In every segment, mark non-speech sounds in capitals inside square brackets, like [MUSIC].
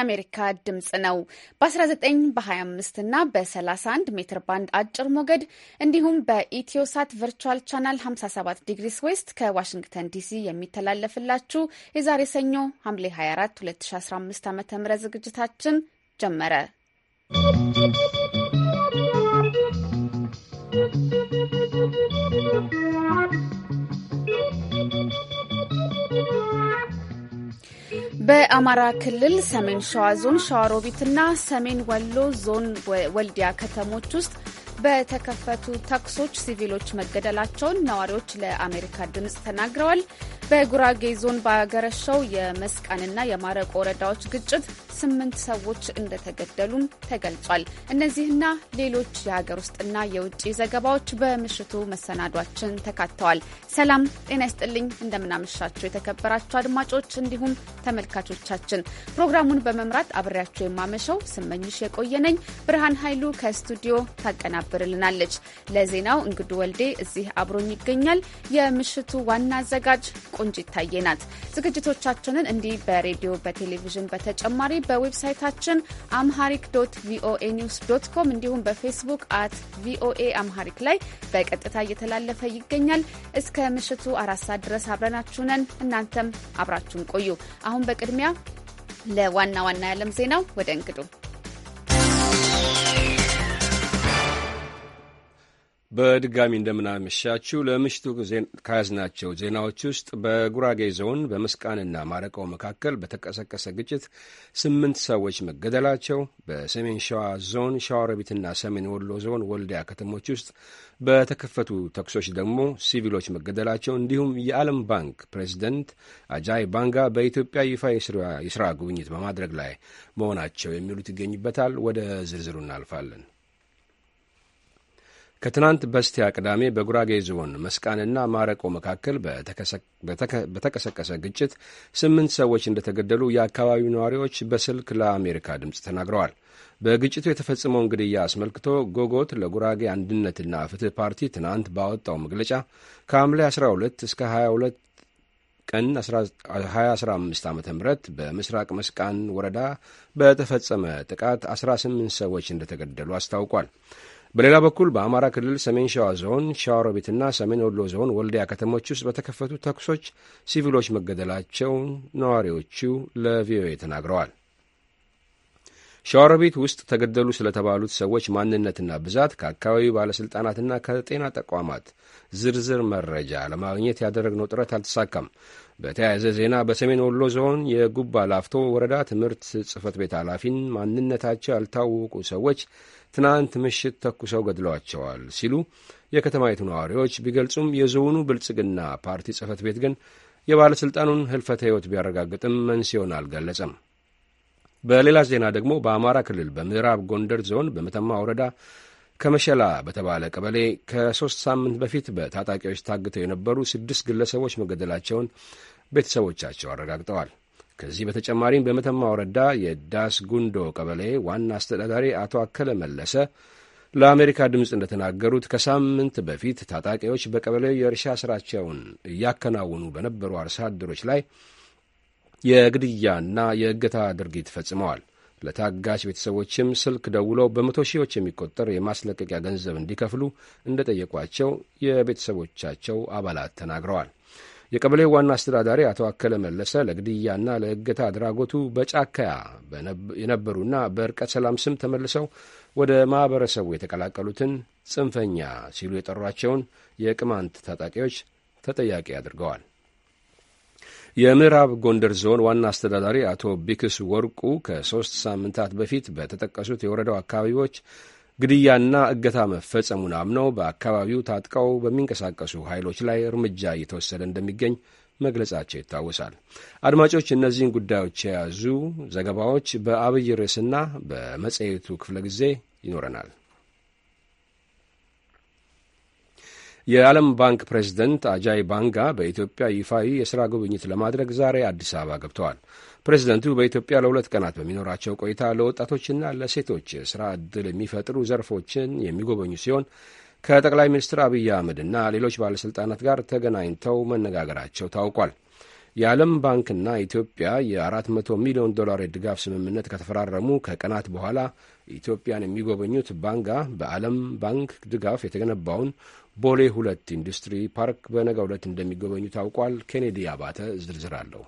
የአሜሪካ ድምፅ ነው። በ19 በ25 እና በ31 ሜትር ባንድ አጭር ሞገድ እንዲሁም በኢትዮሳት ቨርቹዋል ቻናል 57 ዲግሪስ ዌስት ከዋሽንግተን ዲሲ የሚተላለፍላችሁ የዛሬ ሰኞ ሐምሌ 24 2015 ዓ.ም ዝግጅታችን ጀመረ። በአማራ ክልል ሰሜን ሸዋ ዞን ሸዋሮቢትና ሰሜን ወሎ ዞን ወልዲያ ከተሞች ውስጥ በተከፈቱ ተኩሶች ሲቪሎች መገደላቸውን ነዋሪዎች ለአሜሪካ ድምፅ ተናግረዋል። በጉራጌ ዞን ባገረሸው የመስቃንና የማረቆ ወረዳዎች ግጭት ስምንት ሰዎች እንደተገደሉም ተገልጿል። እነዚህና ሌሎች የሀገር ውስጥና የውጭ ዘገባዎች በምሽቱ መሰናዷችን ተካተዋል። ሰላም ጤና ይስጥልኝ። እንደምናመሻቸው የተከበራቸው አድማጮች እንዲሁም ተመልካቾቻችን ፕሮግራሙን በመምራት አብሬያቸው የማመሸው ስመኝሽ የቆየነኝ ብርሃን ኃይሉ ከስቱዲዮ ታቀናበ ታቀናብርልናለች። ለዜናው እንግዱ ወልዴ እዚህ አብሮኝ ይገኛል። የምሽቱ ዋና አዘጋጅ ቆንጅ ይታየናት ዝግጅቶቻችንን እንዲህ በሬዲዮ በቴሌቪዥን፣ በተጨማሪ በዌብሳይታችን አምሃሪክ ዶት ቪኦኤ ኒውስ ዶት ኮም እንዲሁም በፌስቡክ አት ቪኦኤ አምሃሪክ ላይ በቀጥታ እየተላለፈ ይገኛል። እስከ ምሽቱ አራት ሰዓት ድረስ አብረናችሁ ነን። እናንተም አብራችሁን ቆዩ። አሁን በቅድሚያ ለዋና ዋና የዓለም ዜናው ወደ እንግዱ በድጋሚ እንደምናመሻችሁ ለምሽቱ ከያዝናቸው ዜናዎች ውስጥ በጉራጌ ዞን በመስቃንና ማረቀው መካከል በተቀሰቀሰ ግጭት ስምንት ሰዎች መገደላቸው፣ በሰሜን ሸዋ ዞን ሸዋሮቢትና ሰሜን ወሎ ዞን ወልዲያ ከተሞች ውስጥ በተከፈቱ ተኩሶች ደግሞ ሲቪሎች መገደላቸው፣ እንዲሁም የዓለም ባንክ ፕሬዚደንት አጃይ ባንጋ በኢትዮጵያ ይፋ የስራ ጉብኝት በማድረግ ላይ መሆናቸው የሚሉት ይገኝበታል። ወደ ዝርዝሩ እናልፋለን። ከትናንት በስቲያ ቅዳሜ በጉራጌ ዞን መስቃንና ማረቆ መካከል በተቀሰቀሰ ግጭት ስምንት ሰዎች እንደተገደሉ የአካባቢው ነዋሪዎች በስልክ ለአሜሪካ ድምፅ ተናግረዋል። በግጭቱ የተፈጸመውን ግድያ አስመልክቶ ጎጎት ለጉራጌ አንድነትና ፍትህ ፓርቲ ትናንት ባወጣው መግለጫ ከሐምሌ 12 እስከ 22 ቀን 2015 ዓ ም በምስራቅ መስቃን ወረዳ በተፈጸመ ጥቃት 18 ሰዎች እንደተገደሉ አስታውቋል። በሌላ በኩል በአማራ ክልል ሰሜን ሸዋ ዞን ሸዋሮቢትና ሰሜን ወሎ ዞን ወልዲያ ከተሞች ውስጥ በተከፈቱ ተኩሶች ሲቪሎች መገደላቸውን ነዋሪዎቹ ለቪኦኤ ተናግረዋል። ሸዋሮቢት ውስጥ ተገደሉ ስለተባሉት ሰዎች ማንነትና ብዛት ከአካባቢው ባለሥልጣናትና ከጤና ተቋማት ዝርዝር መረጃ ለማግኘት ያደረግነው ጥረት አልተሳካም። በተያያዘ ዜና በሰሜን ወሎ ዞን የጉባ ላፍቶ ወረዳ ትምህርት ጽህፈት ቤት ኃላፊን ማንነታቸው ያልታወቁ ሰዎች ትናንት ምሽት ተኩሰው ገድለዋቸዋል ሲሉ የከተማይቱ ነዋሪዎች ቢገልጹም የዞኑ ብልጽግና ፓርቲ ጽህፈት ቤት ግን የባለሥልጣኑን ህልፈተ ሕይወት ቢያረጋግጥም መንስኤውን አልገለጸም። በሌላ ዜና ደግሞ በአማራ ክልል በምዕራብ ጎንደር ዞን በመተማ ወረዳ ከመሸላ በተባለ ቀበሌ ከሦስት ሳምንት በፊት በታጣቂዎች ታግተው የነበሩ ስድስት ግለሰቦች መገደላቸውን ቤተሰቦቻቸው አረጋግጠዋል። ከዚህ በተጨማሪም በመተማ ወረዳ የዳስ ጉንዶ ቀበሌ ዋና አስተዳዳሪ አቶ አከለ መለሰ ለአሜሪካ ድምፅ እንደተናገሩት ከሳምንት በፊት ታጣቂዎች በቀበሌው የእርሻ ስራቸውን እያከናወኑ በነበሩ አርሶ አደሮች ላይ የግድያና የእገታ ድርጊት ፈጽመዋል። ለታጋች ቤተሰቦችም ስልክ ደውለው በመቶ ሺዎች የሚቆጠር የማስለቀቂያ ገንዘብ እንዲከፍሉ እንደጠየቋቸው የቤተሰቦቻቸው አባላት ተናግረዋል። የቀበሌው ዋና አስተዳዳሪ አቶ አከለ መለሰ ለግድያና ለእገታ አድራጎቱ በጫካ የነበሩና በርቀት ሰላም ስም ተመልሰው ወደ ማኅበረሰቡ የተቀላቀሉትን ጽንፈኛ ሲሉ የጠሯቸውን የቅማንት ታጣቂዎች ተጠያቂ አድርገዋል። የምዕራብ ጎንደር ዞን ዋና አስተዳዳሪ አቶ ቢክስ ወርቁ ከሦስት ሳምንታት በፊት በተጠቀሱት የወረዳው አካባቢዎች ግድያና እገታ መፈጸሙን አምነው በአካባቢው ታጥቀው በሚንቀሳቀሱ ኃይሎች ላይ እርምጃ እየተወሰደ እንደሚገኝ መግለጻቸው ይታወሳል። አድማጮች፣ እነዚህን ጉዳዮች የያዙ ዘገባዎች በአብይ ርዕስና በመጽሔቱ ክፍለ ጊዜ ይኖረናል። የዓለም ባንክ ፕሬዝደንት አጃይ ባንጋ በኢትዮጵያ ይፋዊ የሥራ ጉብኝት ለማድረግ ዛሬ አዲስ አበባ ገብተዋል። ፕሬዚደንቱ በኢትዮጵያ ለሁለት ቀናት በሚኖራቸው ቆይታ ለወጣቶችና ለሴቶች ስራ ዕድል የሚፈጥሩ ዘርፎችን የሚጎበኙ ሲሆን ከጠቅላይ ሚኒስትር አብይ አህመድና ሌሎች ባለሥልጣናት ጋር ተገናኝተው መነጋገራቸው ታውቋል። የዓለም ባንክና ኢትዮጵያ የ400 ሚሊዮን ዶላር የድጋፍ ስምምነት ከተፈራረሙ ከቀናት በኋላ ኢትዮጵያን የሚጎበኙት ባንጋ በዓለም ባንክ ድጋፍ የተገነባውን ቦሌ ሁለት ኢንዱስትሪ ፓርክ በነገው ዕለት እንደሚጎበኙ ታውቋል። ኬኔዲ አባተ ዝርዝር አለው።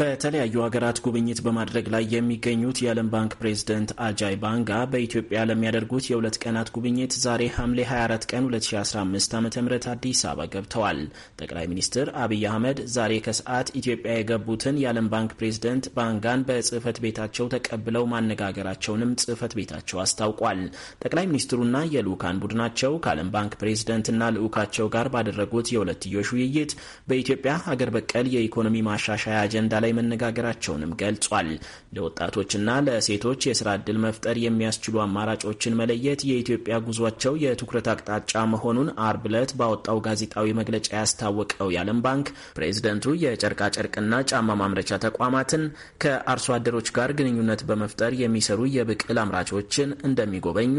በተለያዩ ሀገራት ጉብኝት በማድረግ ላይ የሚገኙት የዓለም ባንክ ፕሬዝደንት አጃይ ባንጋ በኢትዮጵያ ለሚያደርጉት የሁለት ቀናት ጉብኝት ዛሬ ሐምሌ 24 ቀን 2015 ዓ ም አዲስ አበባ ገብተዋል። ጠቅላይ ሚኒስትር አብይ አህመድ ዛሬ ከሰዓት ኢትዮጵያ የገቡትን የዓለም ባንክ ፕሬዝደንት ባንጋን በጽህፈት ቤታቸው ተቀብለው ማነጋገራቸውንም ጽህፈት ቤታቸው አስታውቋል። ጠቅላይ ሚኒስትሩና የልዑካን ቡድናቸው ከዓለም ባንክ ፕሬዝደንትና ልዑካቸው ጋር ባደረጉት የሁለትዮሽ ውይይት በኢትዮጵያ ሀገር በቀል የኢኮኖሚ ማሻሻያ አጀንዳ ላይ መነጋገራቸውንም ገልጿል። ለወጣቶችና ለሴቶች የስራ ዕድል መፍጠር የሚያስችሉ አማራጮችን መለየት የኢትዮጵያ ጉዟቸው የትኩረት አቅጣጫ መሆኑን አርብ ዕለት ባወጣው ጋዜጣዊ መግለጫ ያስታወቀው የዓለም ባንክ ፕሬዝደንቱ የጨርቃጨርቅና ጫማ ማምረቻ ተቋማትን ከአርሶ አደሮች ጋር ግንኙነት በመፍጠር የሚሰሩ የብቅል አምራቾችን እንደሚጎበኙ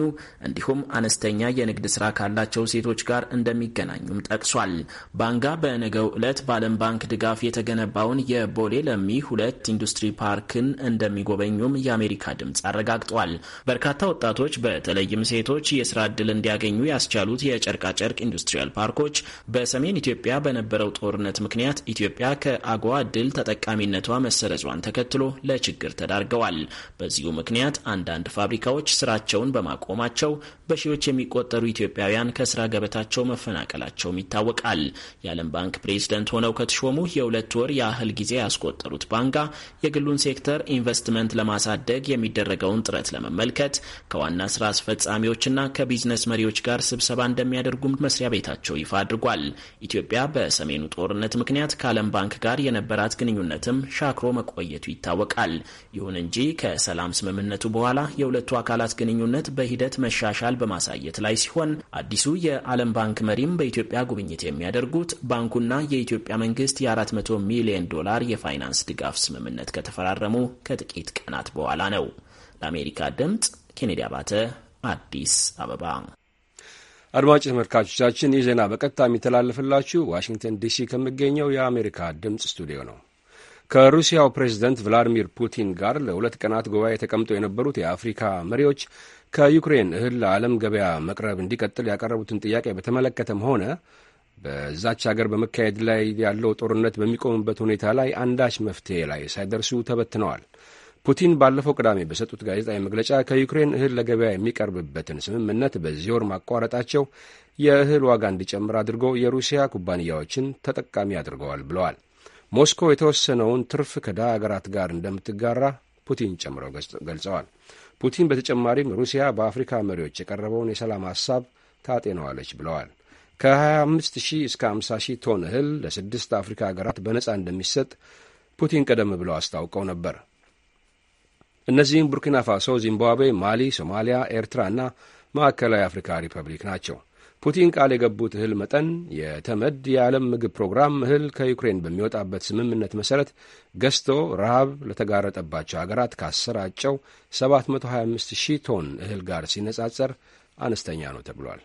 እንዲሁም አነስተኛ የንግድ ስራ ካላቸው ሴቶች ጋር እንደሚገናኙም ጠቅሷል። ባንጋ በነገው ዕለት በዓለም ባንክ ድጋፍ የተገነባውን የቦሌ ለሚ ሁለት ኢንዱስትሪ ፓርክን እንደሚጎበኙም የአሜሪካ ድምፅ አረጋግጧል። በርካታ ወጣቶች በተለይም ሴቶች የስራ ዕድል እንዲያገኙ ያስቻሉት የጨርቃጨርቅ ኢንዱስትሪያል ፓርኮች በሰሜን ኢትዮጵያ በነበረው ጦርነት ምክንያት ኢትዮጵያ ከአጎዋ እድል ተጠቃሚነቷ መሰረዟን ተከትሎ ለችግር ተዳርገዋል። በዚሁ ምክንያት አንዳንድ ፋብሪካዎች ስራቸውን በማቆማቸው በሺዎች የሚቆጠሩ ኢትዮጵያውያን ከስራ ገበታቸው መፈናቀላቸውም ይታወቃል። የዓለም ባንክ ፕሬዝደንት ሆነው ከተሾሙ የሁለት ወር የአህል ጊዜ ያስቆጠ የተቆጣጠሩት ባንጋ የግሉን ሴክተር ኢንቨስትመንት ለማሳደግ የሚደረገውን ጥረት ለመመልከት ከዋና ስራ አስፈጻሚዎችና ከቢዝነስ መሪዎች ጋር ስብሰባ እንደሚያደርጉም መስሪያ ቤታቸው ይፋ አድርጓል። ኢትዮጵያ በሰሜኑ ጦርነት ምክንያት ከዓለም ባንክ ጋር የነበራት ግንኙነትም ሻክሮ መቆየቱ ይታወቃል። ይሁን እንጂ ከሰላም ስምምነቱ በኋላ የሁለቱ አካላት ግንኙነት በሂደት መሻሻል በማሳየት ላይ ሲሆን አዲሱ የዓለም ባንክ መሪም በኢትዮጵያ ጉብኝት የሚያደርጉት ባንኩና የኢትዮጵያ መንግስት የ400 ሚሊዮን ዶላር የፋይናንስ የፋይናንስ ድጋፍ ስምምነት ከተፈራረሙ ከጥቂት ቀናት በኋላ ነው። ለአሜሪካ ድምፅ ኬኔዲ አባተ አዲስ አበባ። አድማጭ ተመልካቾቻችን ይህ ዜና በቀጥታ የሚተላለፍላችሁ ዋሽንግተን ዲሲ ከሚገኘው የአሜሪካ ድምፅ ስቱዲዮ ነው። ከሩሲያው ፕሬዝደንት ቭላዲሚር ፑቲን ጋር ለሁለት ቀናት ጉባኤ ተቀምጠው የነበሩት የአፍሪካ መሪዎች ከዩክሬን እህል ለዓለም ገበያ መቅረብ እንዲቀጥል ያቀረቡትን ጥያቄ በተመለከተም ሆነ በዛች አገር በመካሄድ ላይ ያለው ጦርነት በሚቆምበት ሁኔታ ላይ አንዳች መፍትሄ ላይ ሳይደርሱ ተበትነዋል። ፑቲን ባለፈው ቅዳሜ በሰጡት ጋዜጣዊ መግለጫ ከዩክሬን እህል ለገበያ የሚቀርብበትን ስምምነት በዚህ ወር ማቋረጣቸው የእህል ዋጋ እንዲጨምር አድርጎ የሩሲያ ኩባንያዎችን ተጠቃሚ አድርገዋል ብለዋል። ሞስኮ የተወሰነውን ትርፍ ከዳ አገራት ጋር እንደምትጋራ ፑቲን ጨምረው ገልጸዋል። ፑቲን በተጨማሪም ሩሲያ በአፍሪካ መሪዎች የቀረበውን የሰላም ሀሳብ ታጤነዋለች ብለዋል። ከ25 ሺህ እስከ 50 ሺህ ቶን እህል ለስድስት አፍሪካ ሀገራት በነጻ እንደሚሰጥ ፑቲን ቀደም ብለው አስታውቀው ነበር። እነዚህም ቡርኪና ፋሶ፣ ዚምባብዌ፣ ማሊ፣ ሶማሊያ፣ ኤርትራ እና ማዕከላዊ አፍሪካ ሪፐብሊክ ናቸው። ፑቲን ቃል የገቡት እህል መጠን የተመድ የዓለም ምግብ ፕሮግራም እህል ከዩክሬን በሚወጣበት ስምምነት መሠረት ገዝቶ ረሃብ ለተጋረጠባቸው አገራት ካሰራጨው 725 ሺህ ቶን እህል ጋር ሲነጻጸር አነስተኛ ነው ተብሏል።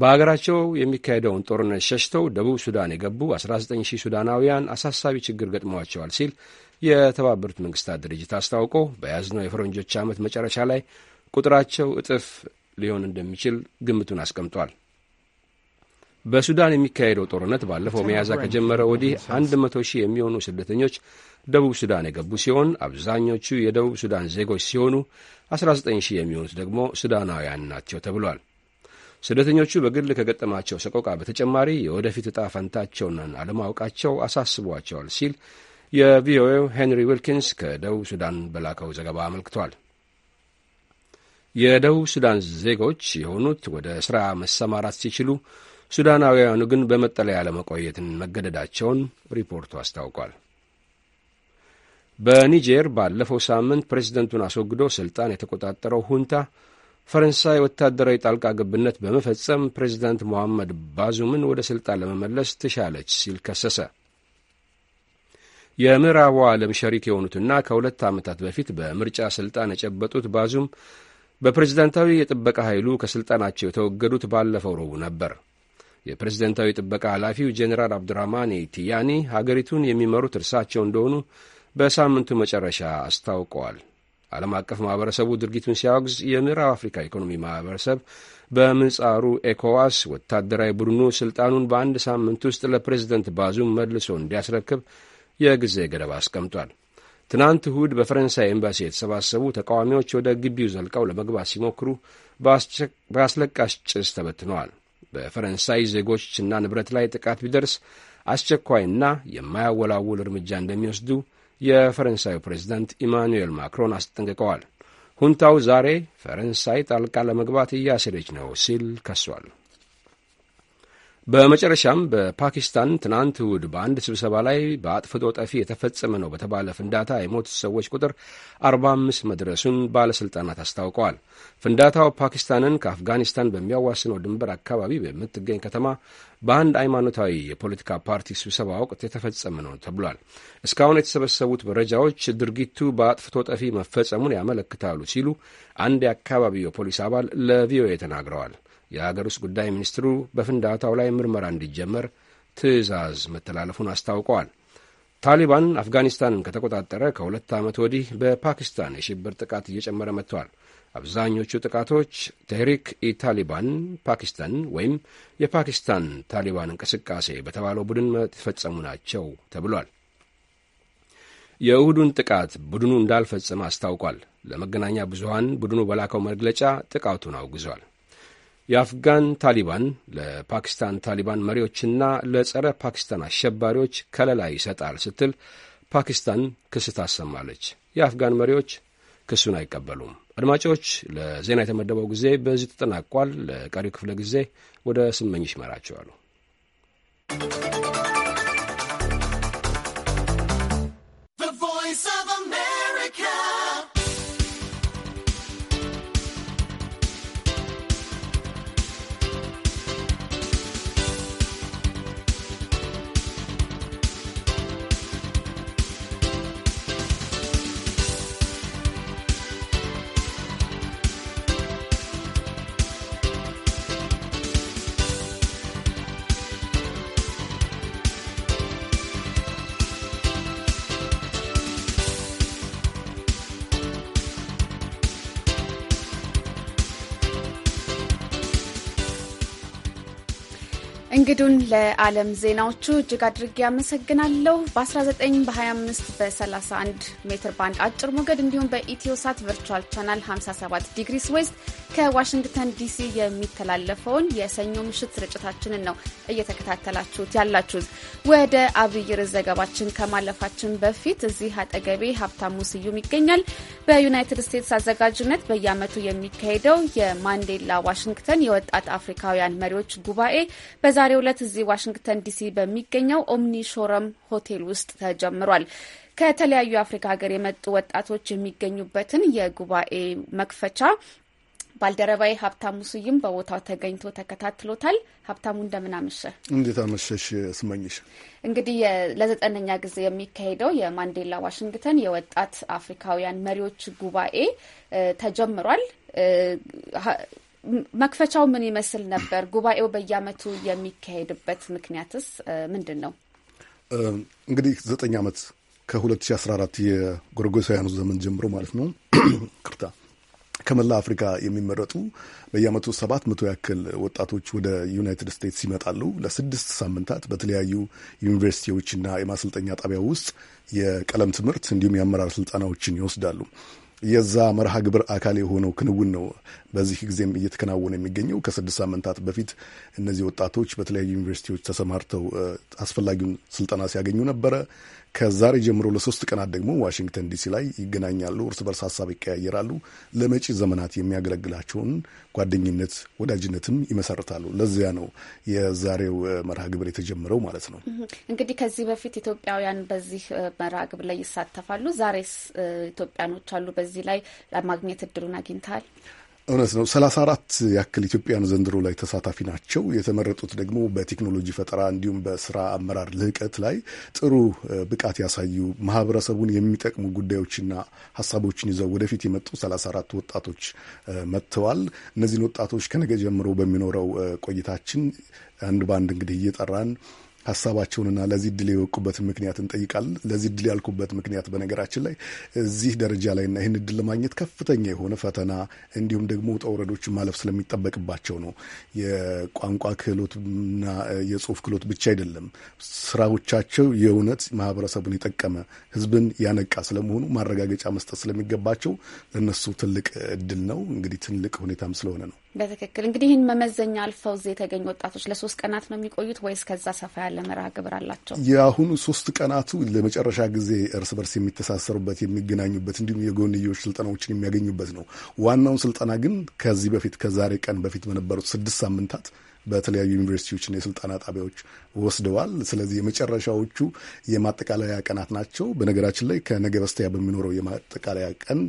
በሀገራቸው የሚካሄደውን ጦርነት ሸሽተው ደቡብ ሱዳን የገቡ 19 ሺህ ሱዳናውያን አሳሳቢ ችግር ገጥመዋቸዋል ሲል የተባበሩት መንግስታት ድርጅት አስታውቆ በያዝነው የፈረንጆች ዓመት መጨረሻ ላይ ቁጥራቸው እጥፍ ሊሆን እንደሚችል ግምቱን አስቀምጧል። በሱዳን የሚካሄደው ጦርነት ባለፈው መያዛ ከጀመረ ወዲህ 100 ሺህ የሚሆኑ ስደተኞች ደቡብ ሱዳን የገቡ ሲሆን አብዛኞቹ የደቡብ ሱዳን ዜጎች ሲሆኑ 19 ሺህ የሚሆኑት ደግሞ ሱዳናውያን ናቸው ተብሏል። ስደተኞቹ በግል ከገጠማቸው ሰቆቃ በተጨማሪ የወደፊት እጣ ፈንታቸውንን አለማወቃቸው አሳስቧቸዋል ሲል የቪኦኤው ሄንሪ ዊልኪንስ ከደቡብ ሱዳን በላከው ዘገባ አመልክቷል። የደቡብ ሱዳን ዜጎች የሆኑት ወደ ሥራ መሰማራት ሲችሉ፣ ሱዳናውያኑ ግን በመጠለያ ለመቆየትን መገደዳቸውን ሪፖርቱ አስታውቋል። በኒጀር ባለፈው ሳምንት ፕሬዚደንቱን አስወግዶ ሥልጣን የተቆጣጠረው ሁንታ ፈረንሳይ ወታደራዊ ጣልቃ ገብነት በመፈጸም ፕሬዚዳንት ሞሐመድ ባዙምን ወደ ሥልጣን ለመመለስ ትሻለች ሲል ከሰሰ። የምዕራቡ ዓለም ሸሪክ የሆኑትና ከሁለት ዓመታት በፊት በምርጫ ሥልጣን የጨበጡት ባዙም በፕሬዝደንታዊ የጥበቃ ኃይሉ ከሥልጣናቸው የተወገዱት ባለፈው ረቡዕ ነበር። የፕሬዝደንታዊ ጥበቃ ኃላፊው ጄኔራል አብዱራማን ቲያኒ ሀገሪቱን የሚመሩት እርሳቸው እንደሆኑ በሳምንቱ መጨረሻ አስታውቀዋል። ዓለም አቀፍ ማህበረሰቡ ድርጊቱን ሲያወግዝ የምዕራብ አፍሪካ ኢኮኖሚ ማህበረሰብ በምንጻሩ ኤኮዋስ ወታደራዊ ቡድኑ ስልጣኑን በአንድ ሳምንት ውስጥ ለፕሬዝደንት ባዙም መልሶ እንዲያስረክብ የጊዜ ገደብ አስቀምጧል። ትናንት እሁድ በፈረንሳይ ኤምባሲ የተሰባሰቡ ተቃዋሚዎች ወደ ግቢው ዘልቀው ለመግባት ሲሞክሩ በአስለቃሽ ጭስ ተበትነዋል። በፈረንሳይ ዜጎችና ንብረት ላይ ጥቃት ቢደርስ አስቸኳይና የማያወላውል እርምጃ እንደሚወስዱ የፈረንሳዩ ፕሬዚዳንት ኢማኑኤል ማክሮን አስጠንቅቀዋል። ሁንታው ዛሬ ፈረንሳይ ጣልቃ ለመግባት እያሴደች ነው ሲል ከሷል። በመጨረሻም በፓኪስታን ትናንት እሁድ በአንድ ስብሰባ ላይ በአጥፍቶ ጠፊ የተፈጸመ ነው በተባለ ፍንዳታ የሞቱ ሰዎች ቁጥር 45 መድረሱን ባለሥልጣናት አስታውቀዋል። ፍንዳታው ፓኪስታንን ከአፍጋኒስታን በሚያዋስነው ድንበር አካባቢ በምትገኝ ከተማ በአንድ ሃይማኖታዊ የፖለቲካ ፓርቲ ስብሰባ ወቅት የተፈጸመ ነው ተብሏል። እስካሁን የተሰበሰቡት መረጃዎች ድርጊቱ በአጥፍቶ ጠፊ መፈጸሙን ያመለክታሉ ሲሉ አንድ የአካባቢው የፖሊስ አባል ለቪኦኤ ተናግረዋል። የአገር ውስጥ ጉዳይ ሚኒስትሩ በፍንዳታው ላይ ምርመራ እንዲጀመር ትዕዛዝ መተላለፉን አስታውቀዋል። ታሊባን አፍጋኒስታንን ከተቆጣጠረ ከሁለት ዓመት ወዲህ በፓኪስታን የሽብር ጥቃት እየጨመረ መጥቷል። አብዛኞቹ ጥቃቶች ተህሪክ ኢታሊባን ፓኪስታን ወይም የፓኪስታን ታሊባን እንቅስቃሴ በተባለው ቡድን የተፈጸሙ ናቸው ተብሏል። የእሁዱን ጥቃት ቡድኑ እንዳልፈጸመ አስታውቋል። ለመገናኛ ብዙሃን ቡድኑ በላከው መግለጫ ጥቃቱን አውግዟል። የአፍጋን ታሊባን ለፓኪስታን ታሊባን መሪዎችና ለጸረ ፓኪስታን አሸባሪዎች ከለላ ይሰጣል ስትል ፓኪስታን ክስ ታሰማለች። የአፍጋን መሪዎች ክሱን አይቀበሉም። አድማጮች፣ ለዜና የተመደበው ጊዜ በዚህ ተጠናቋል። ለቀሪው ክፍለ ጊዜ ወደ ስመኝሽ ይመራቸዋሉ። እንግዱን ለዓለም ዜናዎቹ እጅግ አድርጌ ያመሰግናለሁ። በ19 በ25 በ31 ሜትር ባንድ አጭር ሞገድ እንዲሁም በኢትዮሳት ቨርቹዋል ቻናል 57 ዲግሪስ ዌስት ከዋሽንግተን ዲሲ የሚተላለፈውን የሰኞ ምሽት ስርጭታችንን ነው እየተከታተላችሁት ያላችሁት። ወደ አብይር ዘገባችን ከማለፋችን በፊት እዚህ አጠገቤ ሀብታሙ ስዩም ይገኛል። በዩናይትድ ስቴትስ አዘጋጅነት በየአመቱ የሚካሄደው የማንዴላ ዋሽንግተን የወጣት አፍሪካውያን መሪዎች ጉባኤ በዛሬ በዛሬው ዕለት እዚህ ዋሽንግተን ዲሲ በሚገኘው ኦምኒ ሾረም ሆቴል ውስጥ ተጀምሯል። ከተለያዩ የአፍሪካ ሀገር የመጡ ወጣቶች የሚገኙበትን የጉባኤ መክፈቻ ባልደረባዊ ሀብታሙ ስዩም በቦታው ተገኝቶ ተከታትሎታል። ሀብታሙ እንደምን አመሸ? እንዴት አመሸሽ ስመኝሽ። እንግዲህ ለዘጠነኛ ጊዜ የሚካሄደው የማንዴላ ዋሽንግተን የወጣት አፍሪካውያን መሪዎች ጉባኤ ተጀምሯል። መክፈቻው ምን ይመስል ነበር? ጉባኤው በየአመቱ የሚካሄድበት ምክንያትስ ምንድን ነው? እንግዲህ ዘጠኝ ዓመት ከ2014 የጎርጎሳውያኑ ዘመን ጀምሮ ማለት ነው ክርታ [CLEARS THROAT] ከመላ አፍሪካ የሚመረጡ በየአመቱ ሰባት መቶ ያክል ወጣቶች ወደ ዩናይትድ ስቴትስ ይመጣሉ። ለስድስት ሳምንታት በተለያዩ ዩኒቨርሲቲዎችና የማሰልጠኛ ጣቢያ ውስጥ የቀለም ትምህርት እንዲሁም የአመራር ስልጠናዎችን ይወስዳሉ። የዛ መርሃ ግብር አካል የሆነው ክንውን ነው በዚህ ጊዜም እየተከናወነ የሚገኘው። ከስድስት ሳምንታት በፊት እነዚህ ወጣቶች በተለያዩ ዩኒቨርሲቲዎች ተሰማርተው አስፈላጊውን ስልጠና ሲያገኙ ነበረ። ከዛሬ ጀምሮ ለሶስት ቀናት ደግሞ ዋሽንግተን ዲሲ ላይ ይገናኛሉ። እርስ በርስ ሀሳብ ይቀያየራሉ። ለመጪ ዘመናት የሚያገለግላቸውን ጓደኝነት፣ ወዳጅነትም ይመሰርታሉ። ለዚያ ነው የዛሬው መርሃ ግብር የተጀመረው ማለት ነው። እንግዲህ ከዚህ በፊት ኢትዮጵያውያን በዚህ መርሃ ግብር ላይ ይሳተፋሉ። ዛሬስ ኢትዮጵያኖች አሉ በዚህ ላይ ለማግኘት እድሉን አግኝተሃል? እውነት ነው። ሰላሳ አራት ያክል ኢትዮጵያውያን ዘንድሮ ላይ ተሳታፊ ናቸው። የተመረጡት ደግሞ በቴክኖሎጂ ፈጠራ እንዲሁም በስራ አመራር ልህቀት ላይ ጥሩ ብቃት ያሳዩ ማህበረሰቡን የሚጠቅሙ ጉዳዮችና ሀሳቦችን ይዘው ወደፊት የመጡ ሰላሳ አራት ወጣቶች መጥተዋል። እነዚህን ወጣቶች ከነገ ጀምሮ በሚኖረው ቆይታችን አንድ በአንድ እንግዲህ እየጠራን ሀሳባቸውንና ለዚህ ድል የወቁበትን ምክንያት እንጠይቃለን። ለዚህ ድል ያልኩበት ምክንያት በነገራችን ላይ እዚህ ደረጃ ላይና ይህን ድል ለማግኘት ከፍተኛ የሆነ ፈተና እንዲሁም ደግሞ ውጣ ውረዶችን ማለፍ ስለሚጠበቅባቸው ነው። የቋንቋ ክህሎትና የጽሁፍ ክህሎት ብቻ አይደለም። ስራዎቻቸው የእውነት ማህበረሰቡን የጠቀመ ህዝብን ያነቃ ስለመሆኑ ማረጋገጫ መስጠት ስለሚገባቸው ለነሱ ትልቅ እድል ነው። እንግዲህ ትልቅ ሁኔታም ስለሆነ ነው። በትክክል እንግዲህ ይህን መመዘኛ አልፈው እዚህ የተገኙ ወጣቶች ለሶስት ቀናት ነው የሚቆዩት ወይስ ከዛ ሰፋ ያለ መርሃ ግብር አላቸው? የአሁኑ ሶስት ቀናቱ ለመጨረሻ ጊዜ እርስ በርስ የሚተሳሰሩበት፣ የሚገናኙበት እንዲሁም የጎንዮሽ ስልጠናዎችን የሚያገኙበት ነው። ዋናውን ስልጠና ግን ከዚህ በፊት ከዛሬ ቀን በፊት በነበሩት ስድስት ሳምንታት በተለያዩ ዩኒቨርሲቲዎችና የስልጠና ጣቢያዎች ወስደዋል። ስለዚህ የመጨረሻዎቹ የማጠቃለያ ቀናት ናቸው። በነገራችን ላይ ከነገ በስቲያ በሚኖረው የማጠቃለያ ቀን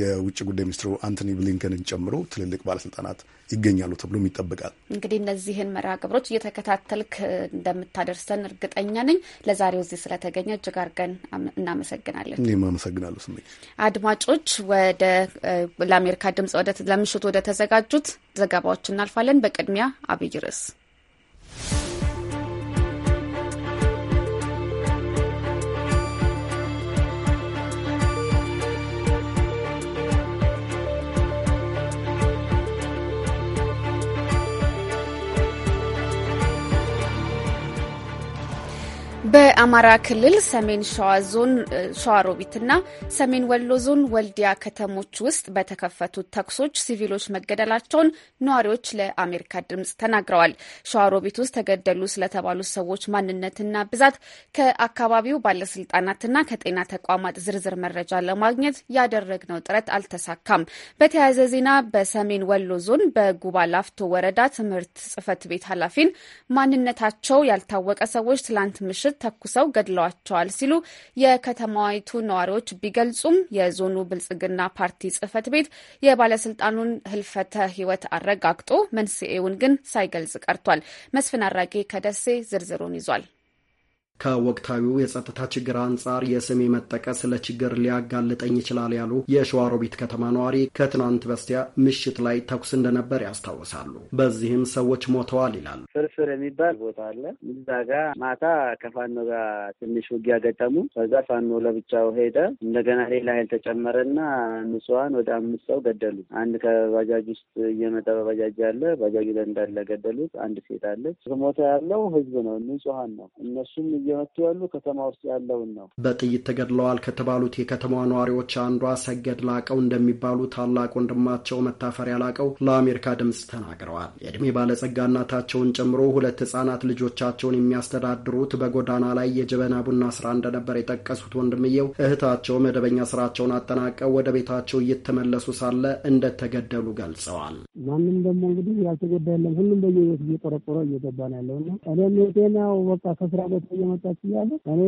የውጭ ጉዳይ ሚኒስትሩ አንቶኒ ብሊንከንን ጨምሮ ትልልቅ ባለስልጣናት ይገኛሉ ተብሎም ይጠበቃል። እንግዲህ እነዚህን መርሃ ግብሮች እየተከታተልክ እንደምታደርሰን እርግጠኛ ነኝ። ለዛሬው እዚህ ስለተገኘ እጅግ አድርገን እናመሰግናለን። እኔም አመሰግናለሁ። ስመኝ አድማጮች፣ ወደ ለአሜሪካ ድምጽ ለምሽቱ ወደ ተዘጋጁት ዘገባዎች እናልፋለን። በቅድሚያ አብይ ርዕስ በአማራ ክልል ሰሜን ሸዋ ዞን ሸዋሮቢትና ሰሜን ወሎ ዞን ወልዲያ ከተሞች ውስጥ በተከፈቱ ተኩሶች ሲቪሎች መገደላቸውን ነዋሪዎች ለአሜሪካ ድምጽ ተናግረዋል። ሸዋሮቢት ውስጥ ተገደሉ ስለተባሉ ሰዎች ማንነትና ብዛት ከአካባቢው ባለስልጣናትና ከጤና ተቋማት ዝርዝር መረጃ ለማግኘት ያደረግነው ጥረት አልተሳካም። በተያያዘ ዜና በሰሜን ወሎ ዞን በጉባ ላፍቶ ወረዳ ትምህርት ጽህፈት ቤት ኃላፊን ማንነታቸው ያልታወቀ ሰዎች ትላንት ምሽት ተኩሰው ገድለዋቸዋል ሲሉ የከተማዊቱ ነዋሪዎች ቢገልጹም የዞኑ ብልጽግና ፓርቲ ጽህፈት ቤት የባለስልጣኑን ህልፈተ ህይወት አረጋግጦ መንስኤውን ግን ሳይገልጽ ቀርቷል። መስፍን አራጌ ከደሴ ዝርዝሩን ይዟል። ከወቅታዊው የጸጥታ ችግር አንጻር የስሜ መጠቀስ ለችግር ሊያጋልጠኝ ይችላል ያሉ የሸዋሮቢት ከተማ ነዋሪ ከትናንት በስቲያ ምሽት ላይ ተኩስ እንደነበር ያስታውሳሉ። በዚህም ሰዎች ሞተዋል ይላሉ። ፍርፍር የሚባል ቦታ አለ። እዛ ጋ ማታ ከፋኖ ጋር ትንሽ ውጊያ ገጠሙ። ከዛ ፋኖ ለብቻው ሄደ። እንደገና ሌላ ኃይል ተጨመረና ንጹሐን ወደ አምስት ሰው ገደሉ። አንድ ከባጃጅ ውስጥ እየመጣ በባጃጅ ያለ ባጃጅ ላይ እንዳለ ገደሉት። አንድ ሴት አለች። ሞተ ያለው ህዝብ ነው፣ ንጹሐን ነው። እነሱም እየመቱ ያሉ ከተማ ውስጥ ያለውን ነው። በጥይት ተገድለዋል ከተባሉት የከተማዋ ነዋሪዎች አንዷ ሰገድ ላቀው እንደሚባሉ ታላቅ ወንድማቸው መታፈሪያ ላቀው ለአሜሪካ ድምፅ ተናግረዋል። የእድሜ ባለጸጋ እናታቸውን ጨምሮ ሁለት ህጻናት ልጆቻቸውን የሚያስተዳድሩት በጎዳና ላይ የጀበና ቡና ስራ እንደነበር የጠቀሱት ወንድምየው እህታቸው መደበኛ ስራቸውን አጠናቀው ወደ ቤታቸው እየተመለሱ ሳለ እንደተገደሉ ገልጸዋል። ማንም ደግሞ እንግዲህ ያልተጎዳ የለም። ሁሉም በየቤት እየቆረቆረ እየገባ ነው ያለው እና ቀደም ቴናው በቃ ከስራ ቦታ ወጣች እያለ እኔ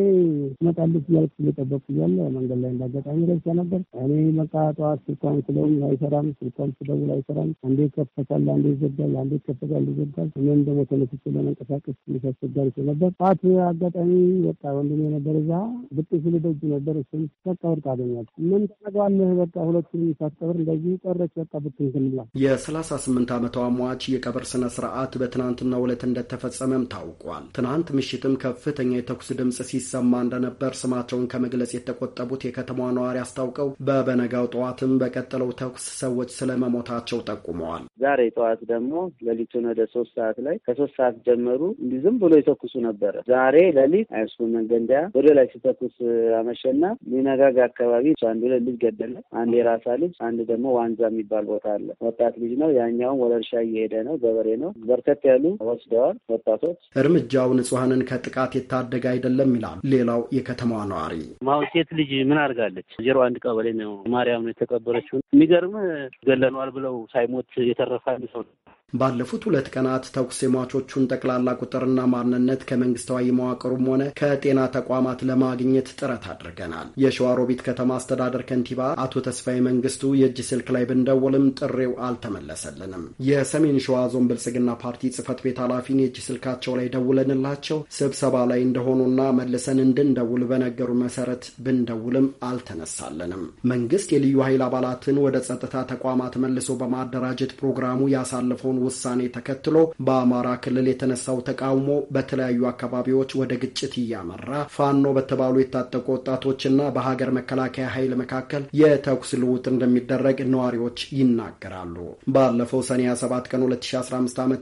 ትመጣለች እያልኩ እየጠበቅኩ እያለ መንገድ ላይ እንዳጋጣሚ ረብሻ ነበር። እኔ በቃ ጠዋት ስልኳን ስለውም አይሰራም፣ ስልኳን ስደውል አይሰራም። አንዴ ይከፈታል፣ አንዴ ይዘጋል፣ አንዴ ይከፈታል፣ ይዘጋል። እኔም ደግሞ ተነስቼ ለመንቀሳቀስ ትንሽ አስቸጋሪ ስለነበር ጠዋት አጋጣሚ በቃ ወንድሜ ነበር እዛ ብጥ ስል ደጅ ነበር። እሱም በቃ ወድቃ ምን ታደርገዋለህ በቃ ሁለቱም ሳትቀብር እንደዚህ ቀረች። በቃ ብትን ስንላ የሰላሳ ስምንት ዓመቷ ሟች የቀብር ስነ ስርዓት በትናንትናው ዕለት እንደተፈጸመም ታውቋል። ትናንት ምሽትም ከፍተኛ የተኩስ ድምፅ ሲሰማ እንደነበር ስማቸውን ከመግለጽ የተቆጠቡት የከተማ ነዋሪ አስታውቀው በበነጋው ጠዋትም በቀጠለው ተኩስ ሰዎች ስለመሞታቸው ጠቁመዋል። ዛሬ ጠዋት ደግሞ ሌሊቱን ወደ ሶስት ሰዓት ላይ ከሶስት ሰዓት ጀመሩ እንዲህ ዝም ብሎ የተኩሱ ነበረ። ዛሬ ሌሊት አይሱ መንገንዳያ ወደ ላይ ሲተኩስ አመሸና ሊነጋጋ አካባቢ አንዱ ልጅ ገደለ። አንድ የራሳ ልጅ፣ አንድ ደግሞ ዋንዛ የሚባል ቦታ አለ። ወጣት ልጅ ነው። ያኛውም ወደ እርሻ እየሄደ ነው። ገበሬ ነው። በርከት ያሉ ወስደዋል ወጣቶች እርምጃው ንጹሐንን ከጥቃት የታ እያደገ አይደለም ይላሉ ሌላው የከተማዋ ነዋሪ። አሁን ሴት ልጅ ምን አድርጋለች? ዜሮ አንድ ቀበሌ ነው ማርያም ነው የተቀበረችው። የሚገርም ገለኗል ብለው ሳይሞት የተረፋ ሰው ባለፉት ሁለት ቀናት ተኩስ የሟቾቹን ጠቅላላ ቁጥርና ማንነት ከመንግስታዊ መዋቅሩም ሆነ ከጤና ተቋማት ለማግኘት ጥረት አድርገናል። የሸዋሮቢት ከተማ አስተዳደር ከንቲባ አቶ ተስፋዬ መንግስቱ የእጅ ስልክ ላይ ብንደውልም ጥሬው አልተመለሰልንም። የሰሜን ሸዋ ዞን ብልጽግና ፓርቲ ጽህፈት ቤት ኃላፊን የእጅ ስልካቸው ላይ ደውለንላቸው ስብሰባ ላይ እንደሆኑና መልሰን እንድንደውል በነገሩ መሰረት ብንደውልም አልተነሳለንም። መንግስት የልዩ ኃይል አባላትን ወደ ጸጥታ ተቋማት መልሶ በማደራጀት ፕሮግራሙ ያሳለፈው የተወሰነውን ውሳኔ ተከትሎ በአማራ ክልል የተነሳው ተቃውሞ በተለያዩ አካባቢዎች ወደ ግጭት እያመራ ፋኖ በተባሉ የታጠቁ ወጣቶችና በሀገር መከላከያ ኃይል መካከል የተኩስ ልውውጥ እንደሚደረግ ነዋሪዎች ይናገራሉ። ባለፈው ሰኔ 27 ቀን 2015 ዓ ም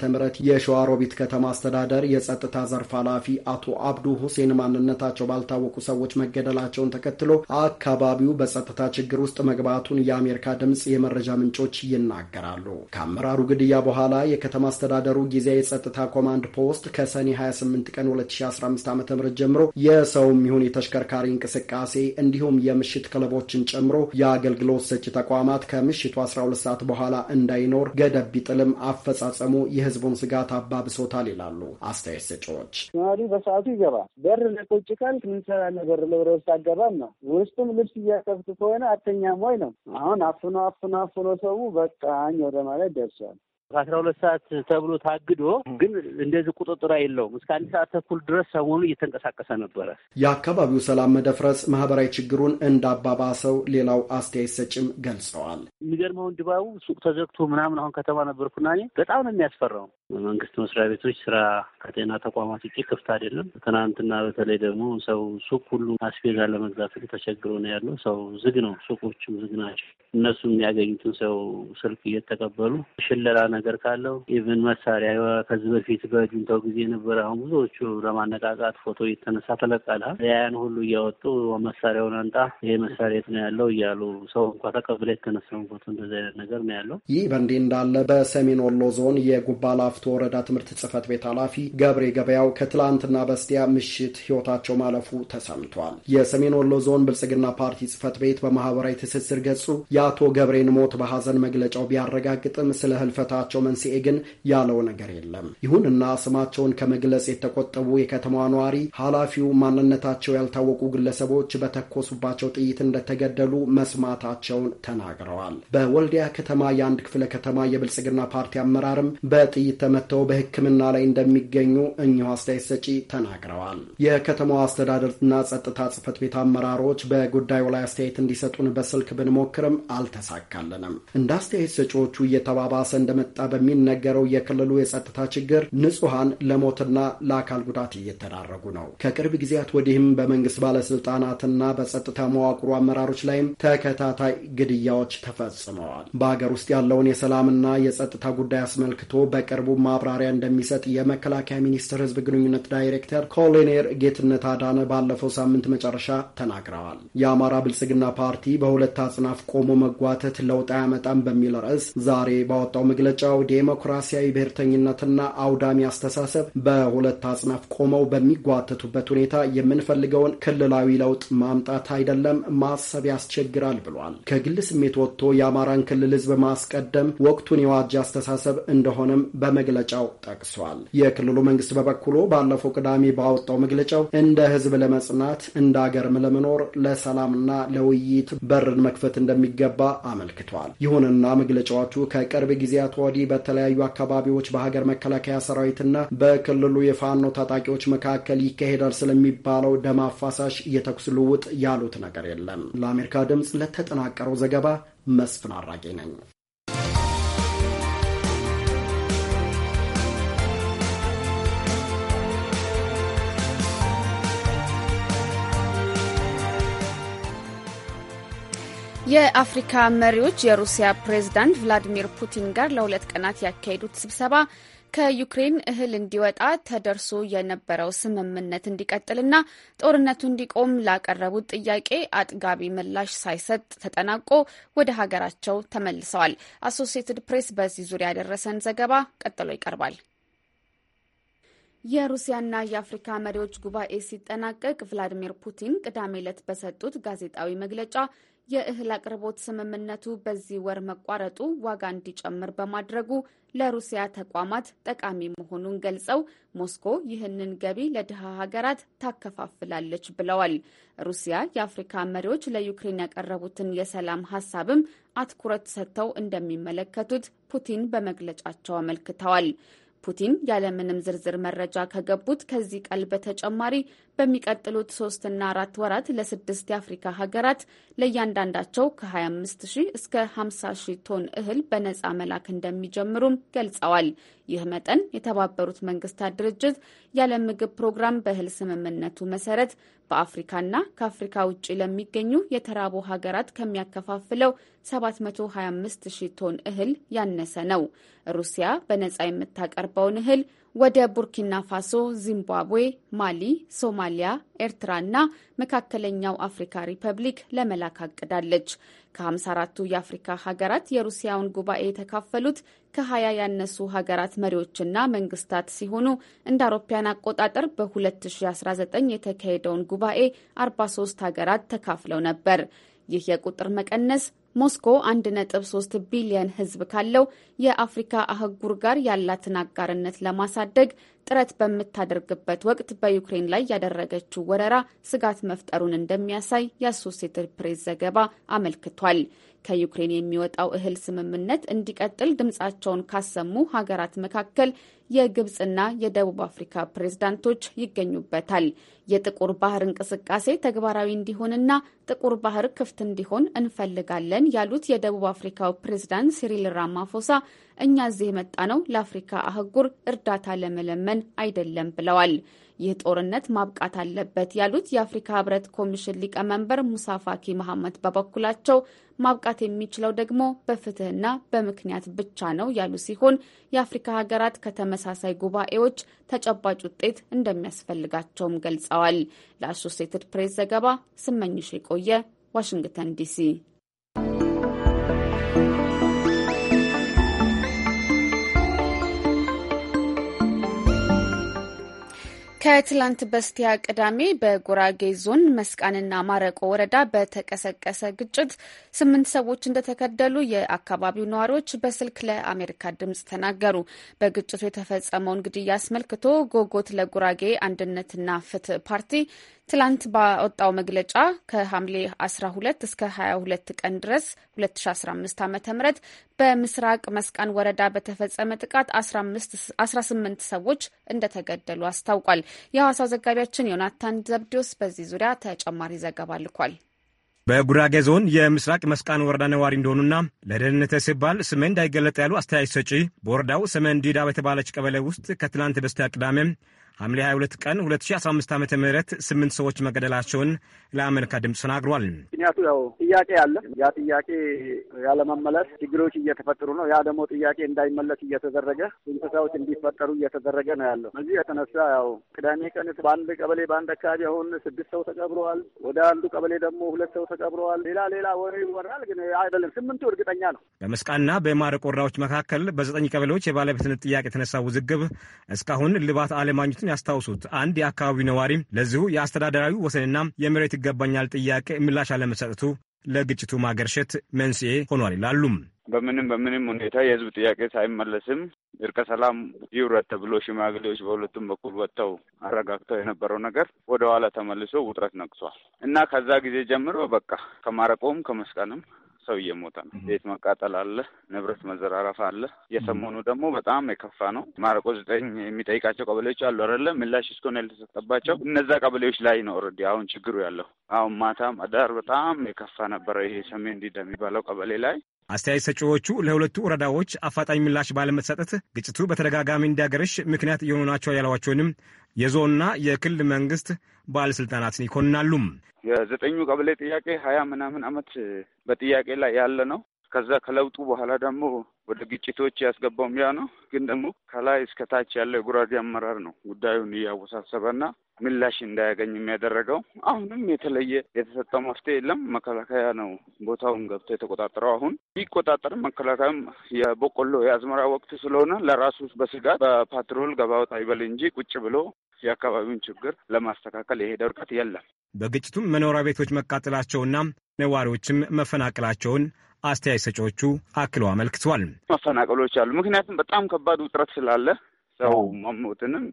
የሸዋሮቢት ከተማ አስተዳደር የጸጥታ ዘርፍ ኃላፊ አቶ አብዱ ሁሴን ማንነታቸው ባልታወቁ ሰዎች መገደላቸውን ተከትሎ አካባቢው በጸጥታ ችግር ውስጥ መግባቱን የአሜሪካ ድምፅ የመረጃ ምንጮች ይናገራሉ። ከአመራሩ ግድያ በኋላ በኋላ የከተማ አስተዳደሩ ጊዜያዊ የጸጥታ ኮማንድ ፖስት ከሰኔ 28 ቀን 2015 ዓ ም ጀምሮ የሰውም ይሁን የተሽከርካሪ እንቅስቃሴ እንዲሁም የምሽት ክለቦችን ጨምሮ የአገልግሎት ሰጪ ተቋማት ከምሽቱ 12 ሰዓት በኋላ እንዳይኖር ገደብ ቢጥልም አፈጻጸሙ የህዝቡን ስጋት አባብሶታል ይላሉ አስተያየት ሰጪዎች። ነዋሪ በሰዓቱ ይገባል። በር ለቆጭ ቃል ምንሰራ ነገር ለወደ ውስጥ አገባም ነው። ውስጡም ልብስ እያከፍት ከሆነ አተኛም ወይ ነው። አሁን አፍኖ አፍኖ አፍኖ ሰው በቃ ወደ ማለት ደርሷል። አስራ ሁለት ሰዓት ተብሎ ታግዶ ግን እንደዚህ ቁጥጥር የለውም። እስከ አንድ ሰዓት ተኩል ድረስ ሰሞኑ እየተንቀሳቀሰ ነበረ። የአካባቢው ሰላም መደፍረስ ማህበራዊ ችግሩን እንዳባባሰው ሌላው አስተያየት ሰጭም ገልጸዋል። የሚገርመውን ድባቡ ሱቅ ተዘግቶ ምናምን አሁን ከተማ ነበርኩና እኔ በጣም ነው የሚያስፈራው። መንግስት መስሪያ ቤቶች ስራ ከጤና ተቋማት ውጭ ክፍት አይደለም። ትናንትና በተለይ ደግሞ ሰው ሱቅ ሁሉ አስቤዛ ለመግዛት ተቸግሮ ነው ያለው። ሰው ዝግ ነው፣ ሱቆቹም ዝግ ናቸው። እነሱ የሚያገኙትን ሰው ስልክ እየተቀበሉ ሽለላ ነገር ካለው ኢቨን መሳሪያ ከዚህ በፊት በጁንታው ጊዜ የነበረ አሁን ብዙዎቹ ለማነቃቃት ፎቶ እየተነሳ ተለቃለ ያን ሁሉ እያወጡ መሳሪያውን አንጣ ይሄ መሳሪያ የት ነው ያለው እያሉ ሰው እንኳ ተቀብለ የተነሳውን ፎቶ እንደዚህ አይነት ነገር ነው ያለው። ይህ በእንዲህ እንዳለ በሰሜን ወሎ ዞን የጉባ ላፍቶ ወረዳ ትምህርት ጽህፈት ቤት ኃላፊ ገብሬ ገበያው ከትላንትና በስቲያ ምሽት ህይወታቸው ማለፉ ተሰምቷል። የሰሜን ወሎ ዞን ብልጽግና ፓርቲ ጽህፈት ቤት በማህበራዊ ትስስር ገጹ የአቶ ገብሬን ሞት በሀዘን መግለጫው ቢያረጋግጥም ስለ ህልፈታ የመሆናቸው መንስኤ ግን ያለው ነገር የለም። ይሁንና ስማቸውን ከመግለጽ የተቆጠቡ የከተማዋ ነዋሪ ኃላፊው ማንነታቸው ያልታወቁ ግለሰቦች በተኮሱባቸው ጥይት እንደተገደሉ መስማታቸውን ተናግረዋል። በወልዲያ ከተማ የአንድ ክፍለ ከተማ የብልጽግና ፓርቲ አመራርም በጥይት ተመተው በሕክምና ላይ እንደሚገኙ እኚሁ አስተያየት ሰጪ ተናግረዋል። የከተማዋ አስተዳደርና ጸጥታ ጽፈት ቤት አመራሮች በጉዳዩ ላይ አስተያየት እንዲሰጡን በስልክ ብንሞክርም አልተሳካልንም። እንደ አስተያየት ሰጪዎቹ እየተባባሰ እንደመ እየመጣ በሚነገረው የክልሉ የጸጥታ ችግር ንጹሐን ለሞትና ለአካል ጉዳት እየተዳረጉ ነው። ከቅርብ ጊዜያት ወዲህም በመንግስት ባለስልጣናትና በጸጥታ መዋቅሩ አመራሮች ላይም ተከታታይ ግድያዎች ተፈጽመዋል። በሀገር ውስጥ ያለውን የሰላምና የጸጥታ ጉዳይ አስመልክቶ በቅርቡ ማብራሪያ እንደሚሰጥ የመከላከያ ሚኒስቴር ህዝብ ግንኙነት ዳይሬክተር ኮሎኔል ጌትነት አዳነ ባለፈው ሳምንት መጨረሻ ተናግረዋል። የአማራ ብልጽግና ፓርቲ በሁለት አጽናፍ ቆሞ መጓተት ለውጥ አያመጣም በሚል ርዕስ ዛሬ ባወጣው መግለጫ መግለጫው ዴሞክራሲያዊ ብሔርተኝነትና አውዳሚ አስተሳሰብ በሁለት አጽናፍ ቆመው በሚጓተቱበት ሁኔታ የምንፈልገውን ክልላዊ ለውጥ ማምጣት አይደለም ማሰብ ያስቸግራል ብሏል። ከግል ስሜት ወጥቶ የአማራን ክልል ህዝብ ማስቀደም ወቅቱን የዋጅ አስተሳሰብ እንደሆነም በመግለጫው ጠቅሷል። የክልሉ መንግስት በበኩሉ ባለፈው ቅዳሜ ባወጣው መግለጫው እንደ ህዝብ ለመጽናት እንደ አገርም ለመኖር ለሰላምና ለውይይት በርን መክፈት እንደሚገባ አመልክቷል። ይሁንና መግለጫዎቹ ከቅርብ ጊዜያት ወዲህ በተለያዩ አካባቢዎች በሀገር መከላከያ ሰራዊትና በክልሉ የፋኖ ታጣቂዎች መካከል ይካሄዳል ስለሚባለው ደም አፋሳሽ የተኩስ ልውውጥ ያሉት ነገር የለም። ለአሜሪካ ድምፅ ለተጠናቀረው ዘገባ መስፍን አራጌ ነኝ። የአፍሪካ መሪዎች የሩሲያ ፕሬዝዳንት ቭላዲሚር ፑቲን ጋር ለሁለት ቀናት ያካሄዱት ስብሰባ ከዩክሬን እህል እንዲወጣ ተደርሶ የነበረው ስምምነት እንዲቀጥልና ጦርነቱ እንዲቆም ላቀረቡት ጥያቄ አጥጋቢ ምላሽ ሳይሰጥ ተጠናቆ ወደ ሀገራቸው ተመልሰዋል። አሶሲየትድ ፕሬስ በዚህ ዙሪያ ያደረሰን ዘገባ ቀጥሎ ይቀርባል። የሩሲያና የአፍሪካ መሪዎች ጉባኤ ሲጠናቀቅ ቭላዲሚር ፑቲን ቅዳሜ ዕለት በሰጡት ጋዜጣዊ መግለጫ የእህል አቅርቦት ስምምነቱ በዚህ ወር መቋረጡ ዋጋ እንዲጨምር በማድረጉ ለሩሲያ ተቋማት ጠቃሚ መሆኑን ገልጸው ሞስኮ ይህንን ገቢ ለድሃ ሀገራት ታከፋፍላለች ብለዋል። ሩሲያ የአፍሪካ መሪዎች ለዩክሬን ያቀረቡትን የሰላም ሀሳብም አትኩረት ሰጥተው እንደሚመለከቱት ፑቲን በመግለጫቸው አመልክተዋል። ፑቲን ያለምንም ዝርዝር መረጃ ከገቡት ከዚህ ቃል በተጨማሪ በሚቀጥሉት ሶስትና አራት ወራት ለስድስት የአፍሪካ ሀገራት ለእያንዳንዳቸው ከ25 ሺህ እስከ 50 ሺህ ቶን እህል በነፃ መላክ እንደሚጀምሩም ገልጸዋል። ይህ መጠን የተባበሩት መንግስታት ድርጅት የዓለም ምግብ ፕሮግራም በእህል ስምምነቱ መሰረት በአፍሪካና ከአፍሪካ ውጭ ለሚገኙ የተራቡ ሀገራት ከሚያከፋፍለው 725 ሺህ ቶን እህል ያነሰ ነው። ሩሲያ በነፃ የምታቀርበውን እህል ወደ ቡርኪና ፋሶ፣ ዚምባብዌ፣ ማሊ፣ ሶማሊያ፣ ኤርትራና መካከለኛው አፍሪካ ሪፐብሊክ ለመላክ አቅዳለች። ከ54ቱ የአፍሪካ ሀገራት የሩሲያውን ጉባኤ የተካፈሉት ከ20 ያነሱ ሀገራት መሪዎችና መንግስታት ሲሆኑ እንደ አውሮፓያን አቆጣጠር በ2019 የተካሄደውን ጉባኤ 43 ሀገራት ተካፍለው ነበር። ይህ የቁጥር መቀነስ ሞስኮ 1.3 ቢሊየን ህዝብ ካለው የአፍሪካ አህጉር ጋር ያላትን አጋርነት ለማሳደግ ጥረት በምታደርግበት ወቅት በዩክሬን ላይ ያደረገችው ወረራ ስጋት መፍጠሩን እንደሚያሳይ የአሶሴትድ ፕሬስ ዘገባ አመልክቷል። ከዩክሬን የሚወጣው እህል ስምምነት እንዲቀጥል ድምፃቸውን ካሰሙ ሀገራት መካከል የግብፅና የደቡብ አፍሪካ ፕሬዝዳንቶች ይገኙበታል። የጥቁር ባህር እንቅስቃሴ ተግባራዊ እንዲሆንና ጥቁር ባህር ክፍት እንዲሆን እንፈልጋለን ያሉት የደቡብ አፍሪካው ፕሬዝዳንት ሲሪል ራማፎሳ እኛ እዚህ የመጣ ነው ለአፍሪካ አህጉር እርዳታ ለመለመን አይደለም ብለዋል። ይህ ጦርነት ማብቃት አለበት ያሉት የአፍሪካ ህብረት ኮሚሽን ሊቀመንበር ሙሳ ፋኪ መሐመድ በበኩላቸው ማብቃት የሚችለው ደግሞ በፍትህና በምክንያት ብቻ ነው ያሉ ሲሆን የአፍሪካ ሀገራት ከተመሳሳይ ጉባኤዎች ተጨባጭ ውጤት እንደሚያስፈልጋቸውም ገልጸዋል። ለአሶሴትድ ፕሬስ ዘገባ ስመኝሽ የቆየ ዋሽንግተን ዲሲ ከትላንት በስቲያ ቅዳሜ በጉራጌ ዞን መስቃንና ማረቆ ወረዳ በተቀሰቀሰ ግጭት ስምንት ሰዎች እንደተገደሉ የአካባቢው ነዋሪዎች በስልክ ለአሜሪካ ድምጽ ተናገሩ። በግጭቱ የተፈጸመውን ግድያ አስመልክቶ ጎጎት ለጉራጌ አንድነትና ፍትህ ፓርቲ ትላንት ባወጣው መግለጫ ከሐምሌ 12 እስከ 22 ቀን ድረስ 2015 ዓ ም በምስራቅ መስቃን ወረዳ በተፈጸመ ጥቃት 18 ሰዎች እንደተገደሉ አስታውቋል። የሐዋሳው ዘጋቢያችን ዮናታን ዘብዲዎስ በዚህ ዙሪያ ተጨማሪ ዘገባ ልኳል። በጉራጌ ዞን የምስራቅ መስቃን ወረዳ ነዋሪ እንደሆኑና ለደህንነት ሲባል ስሜ እንዳይገለጥ ያሉ አስተያየት ሰጪ በወረዳው ሰሜን ዲዳ በተባለች ቀበሌ ውስጥ ከትላንት በስቲያ ቅዳሜ ሐምሌ 22 ቀን 2015 ዓ ም ስምንት ሰዎች መገደላቸውን ለአሜሪካ ድምፅ ተናግሯል። ምክንያቱ ያው ጥያቄ አለ። ያ ጥያቄ ያለመመለስ ችግሮች እየተፈጠሩ ነው። ያ ደግሞ ጥያቄ እንዳይመለስ እየተደረገ እንስሳዎች እንዲፈጠሩ እየተደረገ ነው ያለው። በዚህ የተነሳ ያው ቅዳሜ ቀን በአንድ ቀበሌ በአንድ አካባቢ አሁን ስድስት ሰው ተቀብረዋል። ወደ አንዱ ቀበሌ ደግሞ ሁለት ሰው ተቀብረዋል። ሌላ ሌላ ወሬ ይወራል፣ ግን አይደለም። ስምንቱ እርግጠኛ ነው። በመስቃና በማረቆራዎች መካከል በዘጠኝ ቀበሌዎች የባለቤትነት ጥያቄ የተነሳ ውዝግብ እስካሁን ልባት አለማግኘቱን ያስታውሱት አንድ የአካባቢው ነዋሪ ለዚሁ የአስተዳደራዊ ወሰንና የመሬት ይገባኛል ጥያቄ ምላሽ አለመሰጠቱ ለግጭቱ ማገርሸት መንስኤ ሆኗል ይላሉም በምንም በምንም ሁኔታ የህዝብ ጥያቄ ሳይመለስም እርቀ ሰላም ይውረድ ተብሎ ሽማግሌዎች በሁለቱም በኩል ወጥተው አረጋግተው የነበረው ነገር ወደ ኋላ ተመልሶ ውጥረት ነቅሷል እና ከዛ ጊዜ ጀምሮ በቃ ከማረቆም ከመስቀንም ሰው እየሞተ ነው። ቤት መቃጠል አለ፣ ንብረት መዘራረፍ አለ። የሰሞኑ ደግሞ በጣም የከፋ ነው። ማረቆ ዘጠኝ የሚጠይቃቸው ቀበሌዎች አሉ አይደለ? ምላሽ እስኮን ያልተሰጠባቸው እነዛ ቀበሌዎች ላይ ነው ኦልሬዲ አሁን ችግሩ ያለው። አሁን ማታም አዳር በጣም የከፋ ነበረ። ይሄ ሰሜን ዲዳ የሚባለው ቀበሌ ላይ አስተያየት ሰጪዎቹ ለሁለቱ ወረዳዎች አፋጣኝ ምላሽ ባለመሰጠት ግጭቱ በተደጋጋሚ እንዲያገረሽ ምክንያት እየሆኑ ናቸው ያሏቸውንም የዞንና የክልል መንግስት ባለሥልጣናትን ይኮንናሉም። የዘጠኙ ቀበሌ ጥያቄ ሀያ ምናምን አመት በጥያቄ ላይ ያለ ነው። ከዛ ከለውጡ በኋላ ደግሞ ወደ ግጭቶች ያስገባውም ያ ነው። ግን ደግሞ ከላይ ታች ያለው የጉራጌ አመራር ነው ጉዳዩን እያወሳሰበና ምላሽ እንዳያገኝ የሚያደረገው። አሁንም የተለየ የተሰጠው መፍትሄ የለም። መከላከያ ነው ቦታውን ገብቶ የተቆጣጠረው። አሁን ቢቆጣጠር መከላከያም የበቆሎ የአዝመራ ወቅት ስለሆነ ለራሱ በስጋት በፓትሮል ገባ ወጣ ይበል እንጂ ቁጭ ብሎ የአካባቢውን ችግር ለማስተካከል የሄደ እርቀት የለም። በግጭቱም መኖሪያ ቤቶች መቃጠላቸውና ነዋሪዎችም መፈናቀላቸውን አስተያየት ሰጪዎቹ አክለው አመልክቷል። መፈናቀሎች አሉ። ምክንያቱም በጣም ከባድ ውጥረት ስላለ ሰው መሞትንም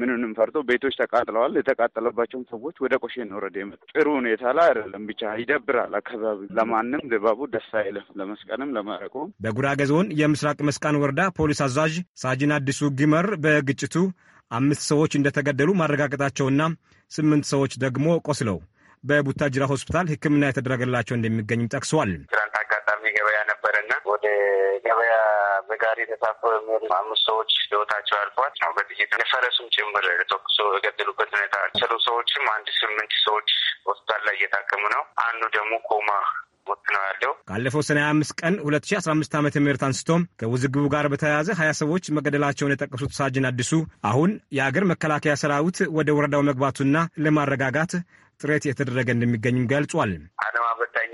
ምንንም ፈርቶ ቤቶች ተቃጥለዋል። የተቃጠለባቸውን ሰዎች ወደ ቆሼን ወረደ የመጡ ጥሩ ሁኔታ ላይ አይደለም። ብቻ ይደብራል። አካባቢ ለማንም ድባቡ ደስ አይልም፣ ለመስቀንም ለማረቁም። በጉራጌ ዞን የምስራቅ መስቃን ወረዳ ፖሊስ አዛዥ ሳጅን አዲሱ ግመር በግጭቱ አምስት ሰዎች እንደተገደሉ ማረጋገጣቸውና ስምንት ሰዎች ደግሞ ቆስለው በቡታጅራ ሆስፒታል ሕክምና የተደረገላቸው እንደሚገኝም ጠቅሰዋል። ትናንት አጋጣሚ ገበያ ነበረና ወደ ገበያ በጋሪ ተሳፎ የሚሄዱ አምስት ሰዎች ህይወታቸው አልፏት ነው። በጥይት የፈረሱም ጭምር ተኩሶ የገደሉበት ሁኔታ ሰሉ ሰዎችም አንድ ስምንት ሰዎች ሆስፒታል ላይ እየታከሙ ነው። አንዱ ደግሞ ኮማ ወጥ ነው ያለው። ካለፈው ሰኔ 25 ቀን 2015 ዓ ም አንስቶ ከውዝግቡ ጋር በተያያዘ ሀያ ሰዎች መገደላቸውን የጠቀሱት ሳጅን አዲሱ አሁን የአገር መከላከያ ሰራዊት ወደ ወረዳው መግባቱና ለማረጋጋት ጥረት የተደረገ እንደሚገኝም ገልጿል። አለ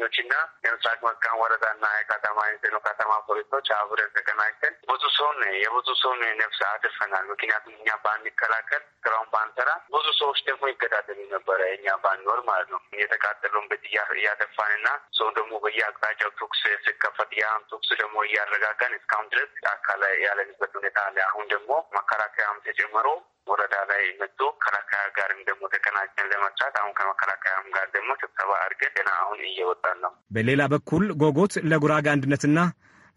ሰራተኞች እና የምስራቅ ወረዳ ወረዳና የከተማ ኢንሴኖ ከተማ ፖሊሶች አብረን ተቀናጅተን ብዙ ሰውን የብዙ ሰውን ነፍስ አድርፈናል። ምክንያቱም እኛ ባንከላከል ስራውን ባንሰራ ብዙ ሰዎች ደግሞ ይገዳደሉ ነበረ። እኛ ባንኖር ማለት ነው። እየተቃጠሉን ቤት እያጠፋን እና ሰው ደግሞ በየአቅጣጫው ተኩስ ሲከፈት ያም ተኩስ ደግሞ እያረጋጋን እስካሁን ድረስ አካል ያለንበት ሁኔታ አለ። አሁን ደግሞ መከላከያም ተጨምሮ ወረዳ ላይ መጥቶ ከመከላከያ ጋር ደግሞ ተቀናጭን ለመስራት አሁን ከመከላከያም ጋር ደግሞ ስብሰባ አድርገን ገና አሁን እየወጣን ነው። በሌላ በኩል ጎጎት ለጉራጌ አንድነትና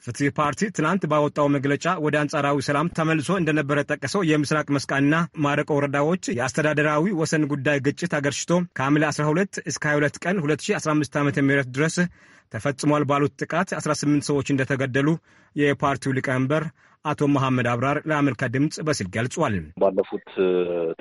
ፍትህ ፓርቲ ትናንት ባወጣው መግለጫ ወደ አንጻራዊ ሰላም ተመልሶ እንደነበረ ጠቀሰው የምስራቅ መስቃንና ማረቆ ወረዳዎች የአስተዳደራዊ ወሰን ጉዳይ ግጭት አገርሽቶ ከሐምሌ 12 እስከ 22 ቀን 2015 ዓ ም ድረስ ተፈጽሟል ባሉት ጥቃት 18 ሰዎች እንደተገደሉ የፓርቲው ሊቀመንበር አቶ መሐመድ አብራር ለአሜሪካ ድምፅ በስል ገልጿል። ባለፉት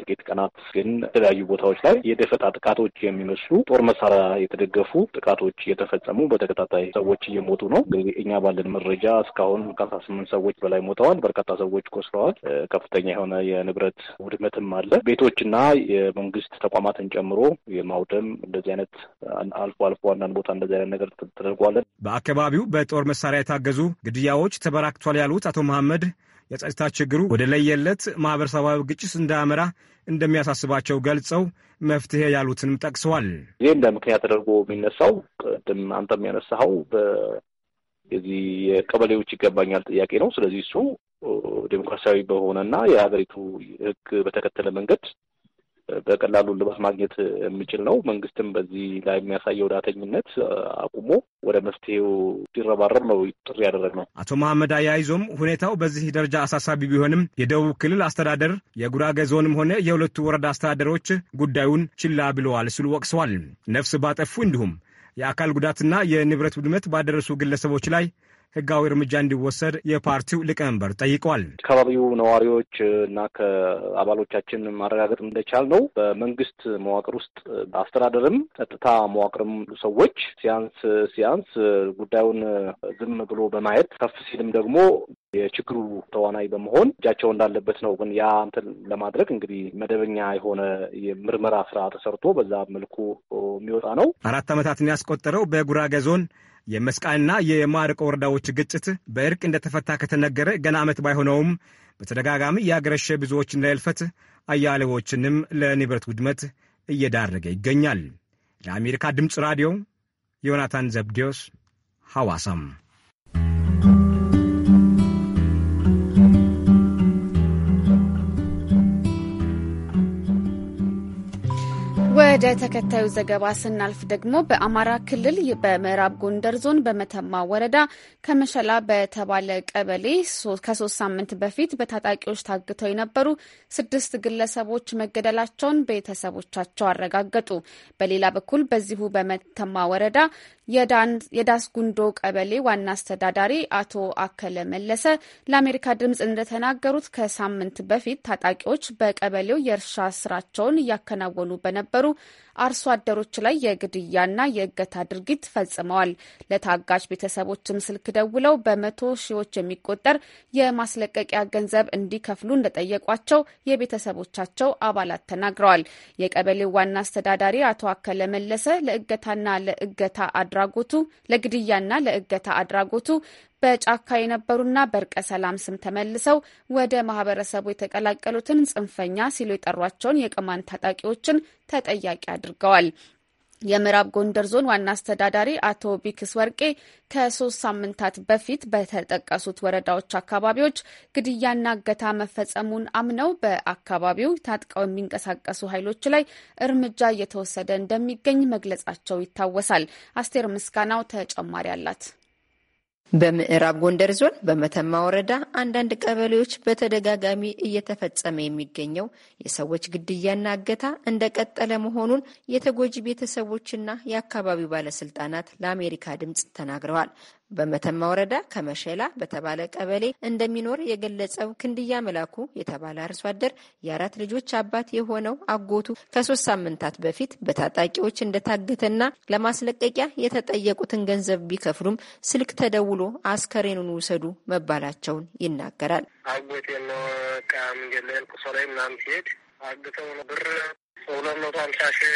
ጥቂት ቀናት ግን የተለያዩ ቦታዎች ላይ የደፈጣ ጥቃቶች የሚመስሉ ጦር መሳሪያ የተደገፉ ጥቃቶች እየተፈጸሙ በተከታታይ ሰዎች እየሞቱ ነው። እንግዲህ እኛ ባለን መረጃ እስካሁን ከአስራ ስምንት ሰዎች በላይ ሞተዋል። በርካታ ሰዎች ቆስለዋል። ከፍተኛ የሆነ የንብረት ውድመትም አለ። ቤቶችና የመንግስት ተቋማትን ጨምሮ የማውደም እንደዚህ አይነት አልፎ አልፎ አንዳንድ ቦታ እንደዚህ አይነት ነገር ተደርጓለን። በአካባቢው በጦር መሳሪያ የታገዙ ግድያዎች ተበራክቷል ያሉት አቶ መሐመድ አህመድ የጸጥታ ችግሩ ወደ ለየለት ማህበረሰባዊ ግጭት እንዳያመራ እንደሚያሳስባቸው ገልጸው መፍትሄ ያሉትንም ጠቅሰዋል። ይህ እንደ ምክንያት ተደርጎ የሚነሳው ቅድም አንተም ያነሳኸው የዚህ የቀበሌዎች ይገባኛል ጥያቄ ነው። ስለዚህ እሱ ዴሞክራሲያዊ በሆነና የሀገሪቱ ሕግ በተከተለ መንገድ በቀላሉ እልባት ማግኘት የሚችል ነው። መንግስትም በዚህ ላይ የሚያሳየው ዳተኝነት አቁሞ ወደ መፍትሄው ሲረባረብ ነው ጥሪ ነው አቶ መሐመድ አያይዞም ሁኔታው በዚህ ደረጃ አሳሳቢ ቢሆንም የደቡብ ክልል አስተዳደር የጉራጌ ዞንም ሆነ የሁለቱ ወረዳ አስተዳደሮች ጉዳዩን ችላ ብለዋል ሲሉ ወቅሰዋል። ነፍስ ባጠፉ እንዲሁም የአካል ጉዳትና የንብረት ውድመት ባደረሱ ግለሰቦች ላይ ህጋዊ እርምጃ እንዲወሰድ የፓርቲው ሊቀመንበር ጠይቋል። አካባቢው ነዋሪዎች እና ከአባሎቻችን ማረጋገጥ እንደቻል ነው በመንግስት መዋቅር ውስጥ አስተዳደርም ጸጥታ መዋቅርም ሰዎች ሲያንስ ሲያንስ ጉዳዩን ዝም ብሎ በማየት ከፍ ሲልም ደግሞ የችግሩ ተዋናይ በመሆን እጃቸው እንዳለበት ነው። ግን ያ እንትን ለማድረግ እንግዲህ መደበኛ የሆነ የምርመራ ስራ ተሰርቶ በዛ መልኩ የሚወጣ ነው። አራት ዓመታትን ያስቆጠረው በጉራጌ ዞን የመስቃንና የማርቆ ወረዳዎች ግጭት በእርቅ እንደተፈታ ከተነገረ ገና ዓመት ባይሆነውም በተደጋጋሚ ያገረሸ ብዙዎችን ለእልፈት አያሌዎችንም ለንብረት ውድመት እየዳረገ ይገኛል። ለአሜሪካ ድምፅ ራዲዮ ዮናታን ዘብዴዎስ ሐዋሳም ወደ ተከታዩ ዘገባ ስናልፍ ደግሞ በአማራ ክልል በምዕራብ ጎንደር ዞን በመተማ ወረዳ ከመሸላ በተባለ ቀበሌ ከሶስት ሳምንት በፊት በታጣቂዎች ታግተው የነበሩ ስድስት ግለሰቦች መገደላቸውን ቤተሰቦቻቸው አረጋገጡ። በሌላ በኩል በዚሁ በመተማ ወረዳ የዳስ ጉንዶ ቀበሌ ዋና አስተዳዳሪ አቶ አከለ መለሰ ለአሜሪካ ድምፅ እንደተናገሩት ከሳምንት በፊት ታጣቂዎች በቀበሌው የእርሻ ስራቸውን እያከናወኑ በነበሩ አርሶ አደሮች ላይ የግድያና የእገታ ድርጊት ፈጽመዋል። ለታጋች ቤተሰቦችም ስልክ ደውለው በመቶ ሺዎች የሚቆጠር የማስለቀቂያ ገንዘብ እንዲከፍሉ እንደጠየቋቸው የቤተሰቦቻቸው አባላት ተናግረዋል። የቀበሌው ዋና አስተዳዳሪ አቶ አከለ መለሰ ለእገታና ለእገታ አድራጎቱ ለግድያና ለእገታ አድራጎቱ በጫካ የነበሩና በእርቀ ሰላም ስም ተመልሰው ወደ ማህበረሰቡ የተቀላቀሉትን ጽንፈኛ ሲሉ የጠሯቸውን የቅማንት ታጣቂዎችን ተጠያቂ አድርገዋል። የምዕራብ ጎንደር ዞን ዋና አስተዳዳሪ አቶ ቢክስ ወርቄ ከሶስት ሳምንታት በፊት በተጠቀሱት ወረዳዎች አካባቢዎች ግድያና እገታ መፈጸሙን አምነው በአካባቢው ታጥቀው የሚንቀሳቀሱ ኃይሎች ላይ እርምጃ እየተወሰደ እንደሚገኝ መግለጻቸው ይታወሳል። አስቴር ምስጋናው ተጨማሪ አላት። በምዕራብ ጎንደር ዞን በመተማ ወረዳ አንዳንድ ቀበሌዎች በተደጋጋሚ እየተፈጸመ የሚገኘው የሰዎች ግድያና እገታ እንደቀጠለ መሆኑን የተጎጂ ቤተሰቦችና የአካባቢው ባለስልጣናት ለአሜሪካ ድምፅ ተናግረዋል። በመተማ ወረዳ ከመሸላ በተባለ ቀበሌ እንደሚኖር የገለጸው ክንድያ መላኩ የተባለ አርሶ አደር የአራት ልጆች አባት የሆነው አጎቱ ከሶስት ሳምንታት በፊት በታጣቂዎች እንደታገተና ለማስለቀቂያ የተጠየቁትን ገንዘብ ቢከፍሉም ስልክ ተደውሎ አስከሬኑን ውሰዱ መባላቸውን ይናገራል። አጎቴ ነው ቃ ምንገለል ቁሶ ላይ ምናምን ሲሄድ አግተው ብር ሁለት መቶ ሀምሳ ሺህ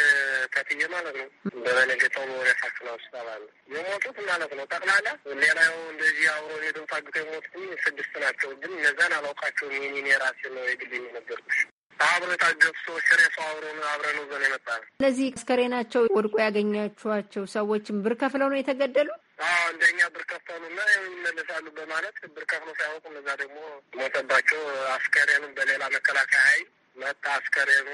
ከፍዬ ማለት ነው። በበነገጠው ወደ ሳክላ ውስጥ ባለ የሞቱት ማለት ነው ጠቅላላ ሌላው እንደዚህ አብሮ ሄደው ታግቶ የሞቱት ስድስት ናቸው። ግን እነዛን አላውቃቸውም። የኔ የራሴ ነው የግልኝ ነበርኩሽ አብረ የታገቱ ሰዎች ሬሳ አብሮ አብረ ነው ዘን የመጣ ነው። ስለዚህ እስከሬ ናቸው ወድቆ ያገኛችኋቸው ሰዎችም ብር ከፍለው ነው የተገደሉ? አዎ እንደኛ ብር ከፈሉና ይመለሳሉ በማለት ብር ከፍሎ ሳያወቁ እነዛ ደግሞ ሞተባቸው። አስከሬንም በሌላ መከላከያ ኃይል መጣ። አስከሬኑ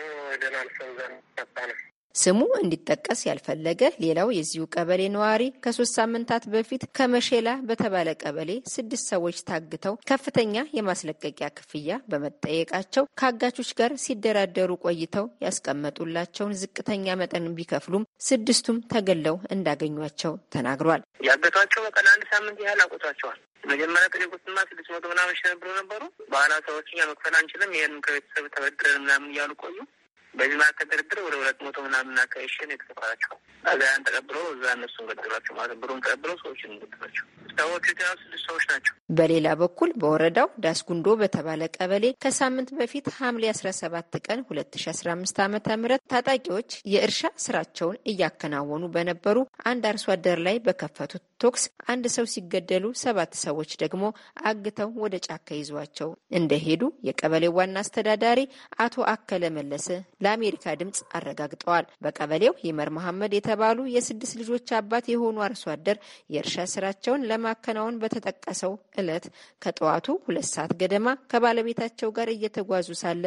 ሰው ዘንድ ሰጣ ነው ስሙ እንዲጠቀስ ያልፈለገ ሌላው የዚሁ ቀበሌ ነዋሪ ከሶስት ሳምንታት በፊት ከመሼላ በተባለ ቀበሌ ስድስት ሰዎች ታግተው ከፍተኛ የማስለቀቂያ ክፍያ በመጠየቃቸው ከአጋቾች ጋር ሲደራደሩ ቆይተው ያስቀመጡላቸውን ዝቅተኛ መጠን ቢከፍሉም ስድስቱም ተገለው እንዳገኟቸው ተናግሯል። ያገቷቸው በቀን አንድ ሳምንት ያህል አቆቷቸዋል። መጀመሪያ ጠሪቁትና ስድስት መቶ ምናምን ሸነብሮ ነበሩ። በኋላ ሰዎች እኛ መክፈል አንችልም፣ ይህንም ከቤተሰብ ተበድረን ምናምን እያሉ ቆዩ በዚህ መካከል ድርድር ወደ ሁለት መቶ ምናምን አካሄሽን የተሰራቸው እዚያን ተቀብለው እዛ እነሱን ገድሏቸው ማለት ብሩን ተቀብለው ሰዎችን ገድሏቸው ሰዎች የተያዙ ስድስት ሰዎች ናቸው። በሌላ በኩል በወረዳው ዳስጉንዶ በተባለ ቀበሌ ከሳምንት በፊት ሐምሌ 17 ቀን 2015 ዓ ም ታጣቂዎች የእርሻ ስራቸውን እያከናወኑ በነበሩ አንድ አርሶ አደር ላይ በከፈቱት ቶክስ አንድ ሰው ሲገደሉ ሰባት ሰዎች ደግሞ አግተው ወደ ጫካ ይዟቸው እንደሄዱ የቀበሌው ዋና አስተዳዳሪ አቶ አከለ መለሰ ለአሜሪካ ድምፅ አረጋግጠዋል። በቀበሌው ሂመር መሐመድ የተባሉ የስድስት ልጆች አባት የሆኑ አርሶ አደር የእርሻ ስራቸውን ለማ ለማከናወን በተጠቀሰው ዕለት ከጠዋቱ ሁለት ሰዓት ገደማ ከባለቤታቸው ጋር እየተጓዙ ሳለ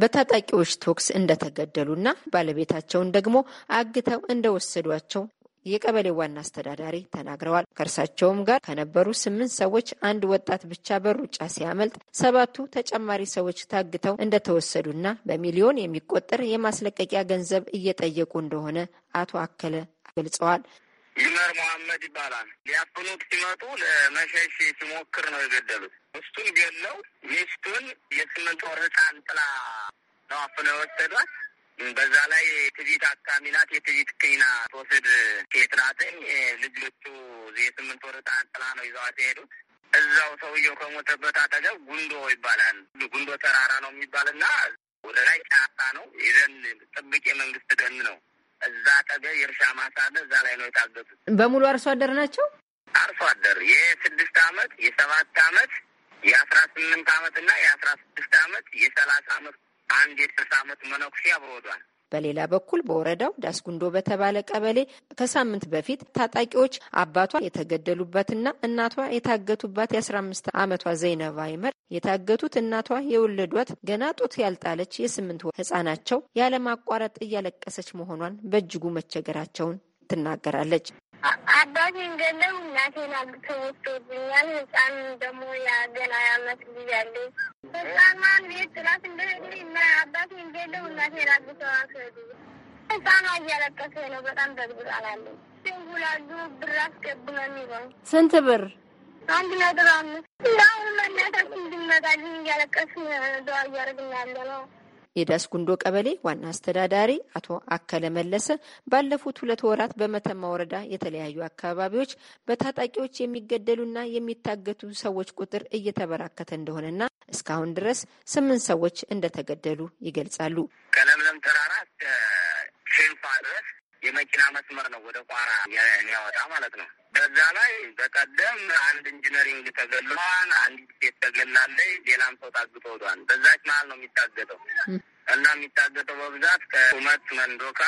በታጣቂዎች ተኩስ እንደተገደሉና ባለቤታቸውን ደግሞ አግተው እንደወሰዷቸው የቀበሌ ዋና አስተዳዳሪ ተናግረዋል። ከእርሳቸውም ጋር ከነበሩ ስምንት ሰዎች አንድ ወጣት ብቻ በሩጫ ሲያመልጥ ሰባቱ ተጨማሪ ሰዎች ታግተው እንደተወሰዱና በሚሊዮን የሚቆጠር የማስለቀቂያ ገንዘብ እየጠየቁ እንደሆነ አቶ አከለ ገልጸዋል። ጅመር መሐመድ ይባላል። ሊያፍኑት ሲመጡ ለመሸሽ ሲሞክር ነው የገደሉት። እሱን ገለው ሚስቱን የስምንት ወር ህፃን ጥላ ነው አፍነው የወሰዷት። በዛ ላይ ትዕቢት አካሚ ናት። የትዕቢት ክኒና ተወስድ ሴት ናትኝ ልጆቹ የስምንት ወር ህፃን ጥላ ነው ይዘዋት የሄዱት። እዛው ሰውየው ከሞተበት አጠገብ ጉንዶ ይባላል። ጉንዶ ተራራ ነው የሚባል እና ወደ ላይ ጫካ ነው የዘን ጥብቅ የመንግስት ደን ነው እዛ አጠገብ የእርሻ ማሳ አለ። እዛ ላይ ነው የታገቱት። በሙሉ አርሶ አደር ናቸው። አርሶ አደር የስድስት አመት የሰባት አመት የአስራ ስምንት አመት እና የአስራ ስድስት አመት የሰላሳ አመት አንድ የስልሳ አመት መነኩሴ አብሮዷል። በሌላ በኩል በወረዳው ዳስጉንዶ በተባለ ቀበሌ ከሳምንት በፊት ታጣቂዎች አባቷ የተገደሉበትና እናቷ የታገቱባት የአስራ አምስት ዓመቷ ዘይነባ ይመር የታገቱት እናቷ የወለዷት ገና ጡት ያልጣለች የስምንት ወር ህጻናቸው ያለማቋረጥ እያለቀሰች መሆኗን በእጅጉ መቸገራቸውን ትናገራለች። አባቴ ገለው እናቴን አግቶ ወስዶብኛል። ህፃን ደግሞ የገና አመት ልጅ አለኝ። ህፃኗን ቤት ጥላት እና አባቴ ገለው እናቴን አግተው አስዱ። ህፃኗ እያለቀሰ ነው። በጣም በግብጣላለ ሲንጉላሉ ብር አስገቡ ነው የሚለው። ስንት ብር? አንድ ነጥብ አምስት። አሁን መናታችን እንድንመጣልኝ እያለቀስ ደዋ እያደረግናለ ነው የዳስ ጉንዶ ቀበሌ ዋና አስተዳዳሪ አቶ አከለ መለሰ ባለፉት ሁለት ወራት በመተማ ወረዳ የተለያዩ አካባቢዎች በታጣቂዎች የሚገደሉና የሚታገቱ ሰዎች ቁጥር እየተበራከተ እንደሆነና እስካሁን ድረስ ስምንት ሰዎች እንደተገደሉ ይገልጻሉ። ቀለምለም ተራራ ሴንፋ ድረስ የመኪና መስመር ነው ወደ ቋራ የሚያወጣ ማለት ነው። በዛ ላይ በቀደም አንድ ኢንጂነሪንግ ተገሏል፣ አንዲት ሴት ተገላለች፣ ሌላም ሰው ታግቶ ወዷል። በዛች መሀል ነው የሚታገጠው እና የሚታገጠው በብዛት ከቁመት መንዶካ፣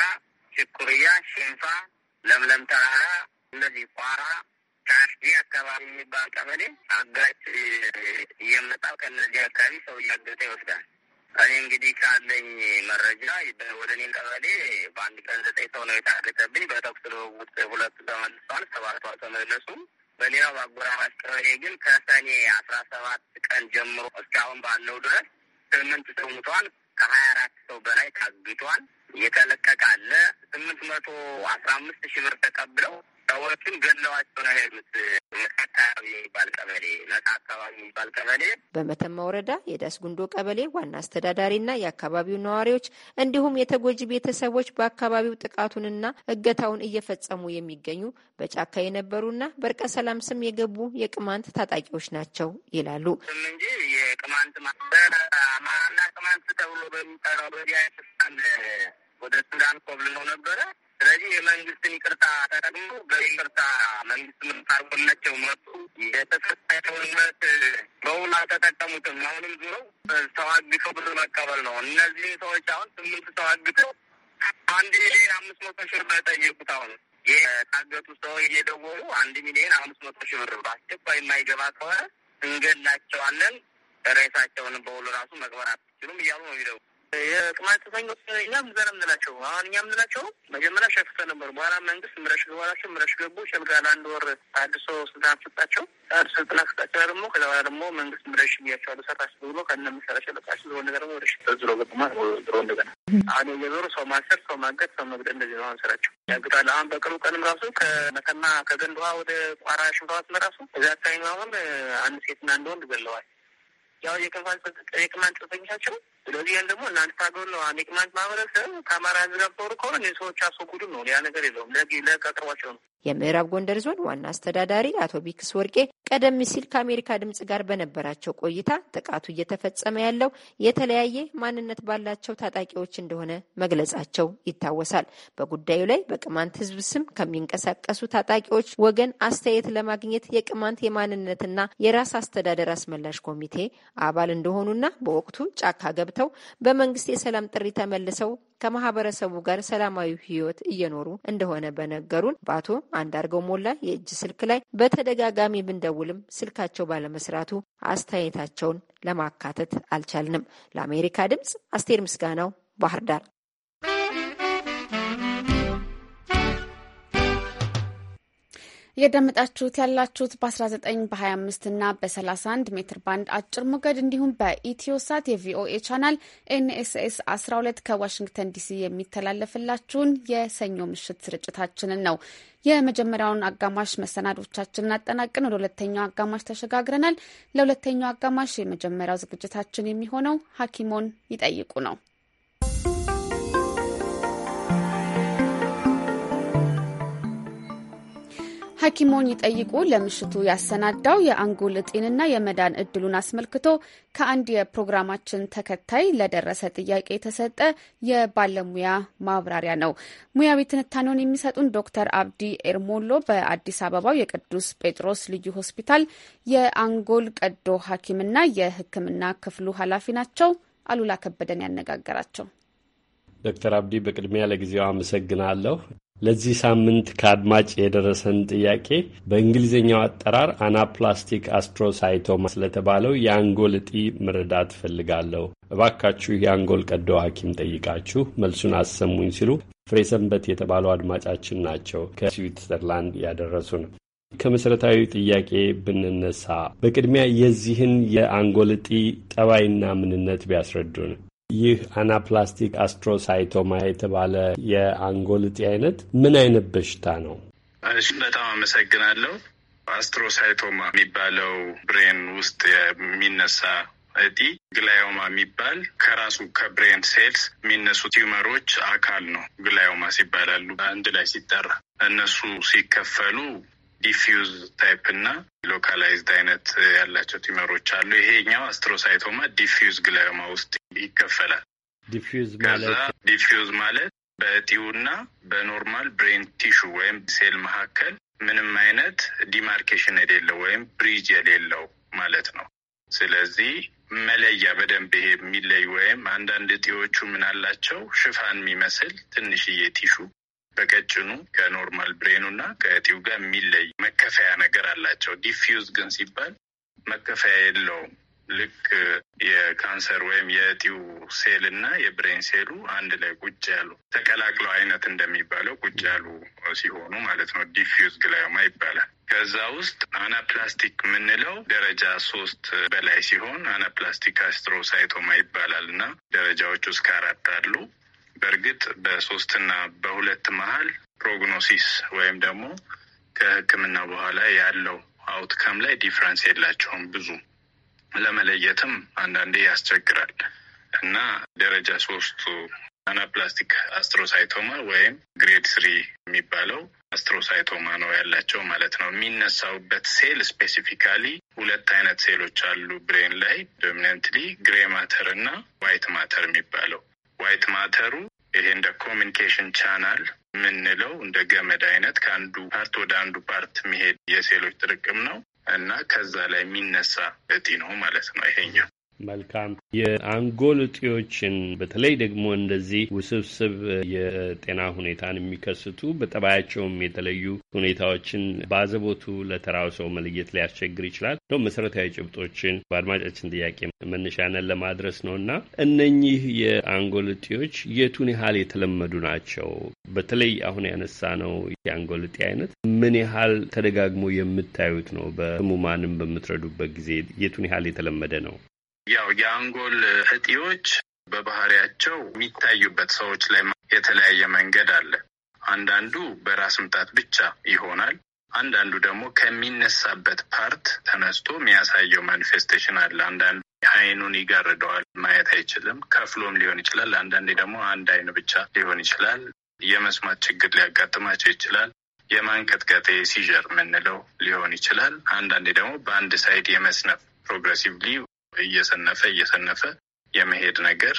ሽኩርያ፣ ሽንፋ፣ ለምለም ተራራ እነዚህ ቋራ ካርዲ አካባቢ የሚባል ቀበሌ አጋጭ እየመጣው ከእነዚህ አካባቢ ሰው እያገጠ ይወስዳል። እኔ እንግዲህ ካለኝ መረጃ ወደ እኔ ቀበሌ በአንድ ቀን ዘጠኝ ሰው ነው የታገተብኝ። በተኩስ ልውውጥ ሁለቱ ተመልሰዋል፣ ሰባቱ አልተመለሱም። በሌላው በአጎራባች ቀበሌ ግን ከሰኔ አስራ ሰባት ቀን ጀምሮ እስካሁን ባለው ድረስ ስምንት ሰው ሙቷል። ከሀያ አራት ሰው በላይ ታግቷል። የተለቀቀ አለ። ስምንት መቶ አስራ አምስት ሺህ ብር ተቀብለው ሰዎችም ገለዋቸው ነው ሄዱት። አካባቢ የሚባል ቀበሌ መቃ አካባቢ የሚባል ቀበሌ በመተማ ወረዳ የዳስ ጉንዶ ቀበሌ ዋና አስተዳዳሪና የአካባቢው ነዋሪዎች እንዲሁም የተጎጂ ቤተሰቦች በአካባቢው ጥቃቱንና እገታውን እየፈጸሙ የሚገኙ በጫካ የነበሩና በእርቀ ሰላም ስም የገቡ የቅማንት ታጣቂዎች ናቸው ይላሉ እንጂ የቅማንት አማራና ቅማንት ተብሎ በሚጠራው ወደ ሱዳን ኮብልሎ ነበረ ስለዚህ የመንግስትን ይቅርታ ተጠቅሞ በይቅርታ መንግስት ምታርጎላቸው መጡ የተሰጣቸውን መት በውል አልተጠቀሙትም። አሁንም ዙሮ ሰው አግተው ብር መቀበል ነው። እነዚህ ሰዎች አሁን ስምንት ሰው አንድ ሚሊዮን አምስት መቶ ሺህ ብር በጠየቁት አሁን የታገቱ ሰው እየደወሉ አንድ ሚሊዮን አምስት መቶ ሺህ ብር በአስቸኳይ የማይገባ ከሆነ እንገላቸዋለን፣ ሬሳቸውን በውሉ ራሱ መቅበር አትችሉም እያሉ ነው የሚደውሉ የቅማ ጽፈኞች እኛ ምዘና ምንላቸው አሁን እኛ ምንላቸው መጀመሪያ ሸፍተ ነበሩ። በኋላ መንግስት ምረሽ በኋላቸው ምረሽ ገቡ። ሸምጋ ለአንድ ወር አድሶ ስልጣን ሰጣቸው። ስልጠና ሰጣቸው ደግሞ ከዛ በኋላ ደግሞ መንግስት ምረሽ እያቸው አልሰራች ብሎ ከነ ምሰራሽ ለቃሽ ዝሮ ነገር ደግሞ ወደሽ ተዝሮ ገጥማ ዝሮ እንደገና አሁን የዞሩ ሰው ማሰር፣ ሰው ማገድ፣ ሰው መግደል እንደዚህ ነው አንሰራቸው ያግታል። አሁን በቅርቡ ቀንም ራሱ ከመተማ ከገንድ ወደ ቋራ ሽንፋዋት መራሱ እዚያ አካባቢ አሁን አንድ ሴትና አንድ ወንድ ገለዋል። ያው የቅማንት ጽፈኞቻቸው ስለዚህ ያን ደግሞ እናንተ ነው አሜክማንት ማህበረሰብ ከአማራ ህዝብ ጋር ጦሩ ከሆነ ሰዎች አስወጉድም ነው ያ ነገር የለውም ለቀቅርቧቸው ነው። የምዕራብ ጎንደር ዞን ዋና አስተዳዳሪ አቶ ቢክስ ወርቄ ቀደም ሲል ከአሜሪካ ድምጽ ጋር በነበራቸው ቆይታ ጥቃቱ እየተፈጸመ ያለው የተለያየ ማንነት ባላቸው ታጣቂዎች እንደሆነ መግለጻቸው ይታወሳል። በጉዳዩ ላይ በቅማንት ሕዝብ ስም ከሚንቀሳቀሱ ታጣቂዎች ወገን አስተያየት ለማግኘት የቅማንት የማንነትና የራስ አስተዳደር አስመላሽ ኮሚቴ አባል እንደሆኑና በወቅቱ ጫካ ገብተው በመንግስት የሰላም ጥሪ ተመልሰው ከማህበረሰቡ ጋር ሰላማዊ ህይወት እየኖሩ እንደሆነ በነገሩን በአቶ አንዳርገው ሞላ የእጅ ስልክ ላይ በተደጋጋሚ ብንደውልም ስልካቸው ባለመስራቱ አስተያየታቸውን ለማካተት አልቻልንም። ለአሜሪካ ድምፅ አስቴር ምስጋናው ባህር ዳር። እያዳመጣችሁት ያላችሁት በ19 በ25 እና በ31 ሜትር ባንድ አጭር ሞገድ እንዲሁም በኢትዮሳት የቪኦኤ ቻናል ኤንኤስኤስ 12 ከዋሽንግተን ዲሲ የሚተላለፍላችሁን የሰኞ ምሽት ስርጭታችንን ነው። የመጀመሪያውን አጋማሽ መሰናዶቻችንን አጠናቅን ወደ ሁለተኛው አጋማሽ ተሸጋግረናል። ለሁለተኛው አጋማሽ የመጀመሪያው ዝግጅታችን የሚሆነው ሐኪሞን ይጠይቁ ነው። ሐኪሞን ይጠይቁ ለምሽቱ ያሰናዳው የአንጎል እጤንና የመዳን እድሉን አስመልክቶ ከአንድ የፕሮግራማችን ተከታይ ለደረሰ ጥያቄ የተሰጠ የባለሙያ ማብራሪያ ነው። ሙያዊ ትንታኔውን የሚሰጡን ዶክተር አብዲ ኤርሞሎ በአዲስ አበባው የቅዱስ ጴጥሮስ ልዩ ሆስፒታል የአንጎል ቀዶ ሐኪምና የሕክምና ክፍሉ ኃላፊ ናቸው። አሉላ ከበደን ያነጋገራቸው ዶክተር አብዲ በቅድሚያ ለጊዜው አመሰግናለሁ። ለዚህ ሳምንት ከአድማጭ የደረሰን ጥያቄ በእንግሊዝኛው አጠራር አናፕላስቲክ አስትሮሳይቶማ ስለተባለው የአንጎል እጢ መረዳት እፈልጋለሁ። እባካችሁ የአንጎል ቀዶ ሐኪም ጠይቃችሁ መልሱን አሰሙኝ ሲሉ ፍሬሰንበት የተባሉ አድማጫችን ናቸው ከስዊትዘርላንድ ያደረሱን። ከመሰረታዊ ጥያቄ ብንነሳ በቅድሚያ የዚህን የአንጎል እጢ ጠባይና ምንነት ቢያስረዱን። ይህ አናፕላስቲክ አስትሮሳይቶማ የተባለ የአንጎል እጢ አይነት ምን አይነት በሽታ ነው? እሺ፣ በጣም አመሰግናለሁ። አስትሮሳይቶማ የሚባለው ብሬን ውስጥ የሚነሳ እጢ ግላዮማ የሚባል ከራሱ ከብሬን ሴልስ የሚነሱ ቲውመሮች አካል ነው። ግላዮማስ ይባላሉ አንድ ላይ ሲጠራ። እነሱ ሲከፈሉ ዲፊውዝ ታይፕ እና ሎካላይዝድ አይነት ያላቸው ቲመሮች አሉ። ይሄኛው አስትሮሳይቶማ ዲፊውዝ ግላዮማ ውስጥ ይከፈላል። ዲፊውዝ ማለት ዲፊውዝ ማለት በኖርማል ብሬን ቲሹ ወይም ሴል መካከል ምንም አይነት ዲማርኬሽን የሌለው ወይም ብሪጅ የሌለው ማለት ነው። ስለዚህ መለያ በደንብ ይሄ የሚለይ ወይም አንዳንድ እጢዎቹ ምን አላቸው ሽፋን የሚመስል ትንሽዬ ቲሹ በቀጭኑ ከኖርማል ብሬኑ እና ከቲዩ ጋር የሚለይ መከፈያ ነገር አላቸው። ዲፊውዝ ግን ሲባል መከፈያ የለውም። ልክ የካንሰር ወይም የእጢው ሴል እና የብሬን ሴሉ አንድ ላይ ቁጭ ያሉ ተቀላቅለው አይነት እንደሚባለው ቁጭ ያሉ ሲሆኑ ማለት ነው። ዲፊውዝ ግላዮማ ይባላል። ከዛ ውስጥ አናፕላስቲክ የምንለው ደረጃ ሶስት በላይ ሲሆን አናፕላስቲክ አስትሮሳይቶማ ይባላል እና ደረጃዎች ውስጥ ከአራት አሉ። በእርግጥ በሶስትና በሁለት መሀል ፕሮግኖሲስ ወይም ደግሞ ከህክምና በኋላ ያለው አውትካም ላይ ዲፍረንስ የላቸውም። ብዙ ለመለየትም አንዳንዴ ያስቸግራል እና ደረጃ ሶስቱ አናፕላስቲክ አስትሮሳይቶማ ወይም ግሬድ ስሪ የሚባለው አስትሮሳይቶማ ነው ያላቸው ማለት ነው። የሚነሳውበት ሴል ስፔሲፊካሊ ሁለት አይነት ሴሎች አሉ ብሬን ላይ ዶሚነንትሊ ግሬ ማተር እና ዋይት ማተር የሚባለው ዋይት ማተሩ ይሄ እንደ ኮሚኒኬሽን ቻናል የምንለው እንደ ገመድ አይነት ከአንዱ ፓርት ወደ አንዱ ፓርት የሚሄድ የሴሎች ጥርቅም ነው እና ከዛ ላይ የሚነሳ እጢ ነው ማለት ነው ይሄኛው። መልካም የአንጎል እጢዎችን በተለይ ደግሞ እንደዚህ ውስብስብ የጤና ሁኔታን የሚከስቱ በጠባያቸውም የተለዩ ሁኔታዎችን በአዘቦቱ ለተራው ሰው መለየት ሊያስቸግር ይችላል። እንደውም መሰረታዊ ጭብጦችን በአድማጫችን ጥያቄ መነሻነን ለማድረስ ነው እና እነኚህ የአንጎል እጢዎች የቱን ያህል የተለመዱ ናቸው? በተለይ አሁን ያነሳ ነው የአንጎል እጢ አይነት ምን ያህል ተደጋግሞ የምታዩት ነው? በህሙማንም በምትረዱበት ጊዜ የቱን ያህል የተለመደ ነው? ያው የአንጎል እጢዎች በባህሪያቸው የሚታዩበት ሰዎች ላይ የተለያየ መንገድ አለ። አንዳንዱ በራስ ምታት ብቻ ይሆናል። አንዳንዱ ደግሞ ከሚነሳበት ፓርት ተነስቶ የሚያሳየው ማኒፌስቴሽን አለ። አንዳንዱ አይኑን ይጋርደዋል፣ ማየት አይችልም። ከፍሎም ሊሆን ይችላል። አንዳንዴ ደግሞ አንድ አይን ብቻ ሊሆን ይችላል። የመስማት ችግር ሊያጋጥማቸው ይችላል። የማንቀጥቀጥ ሲዥር የምንለው ሊሆን ይችላል። አንዳንዴ ደግሞ በአንድ ሳይድ የመስነፍ ፕሮግረሲቭሊ እየሰነፈ እየሰነፈ የመሄድ ነገር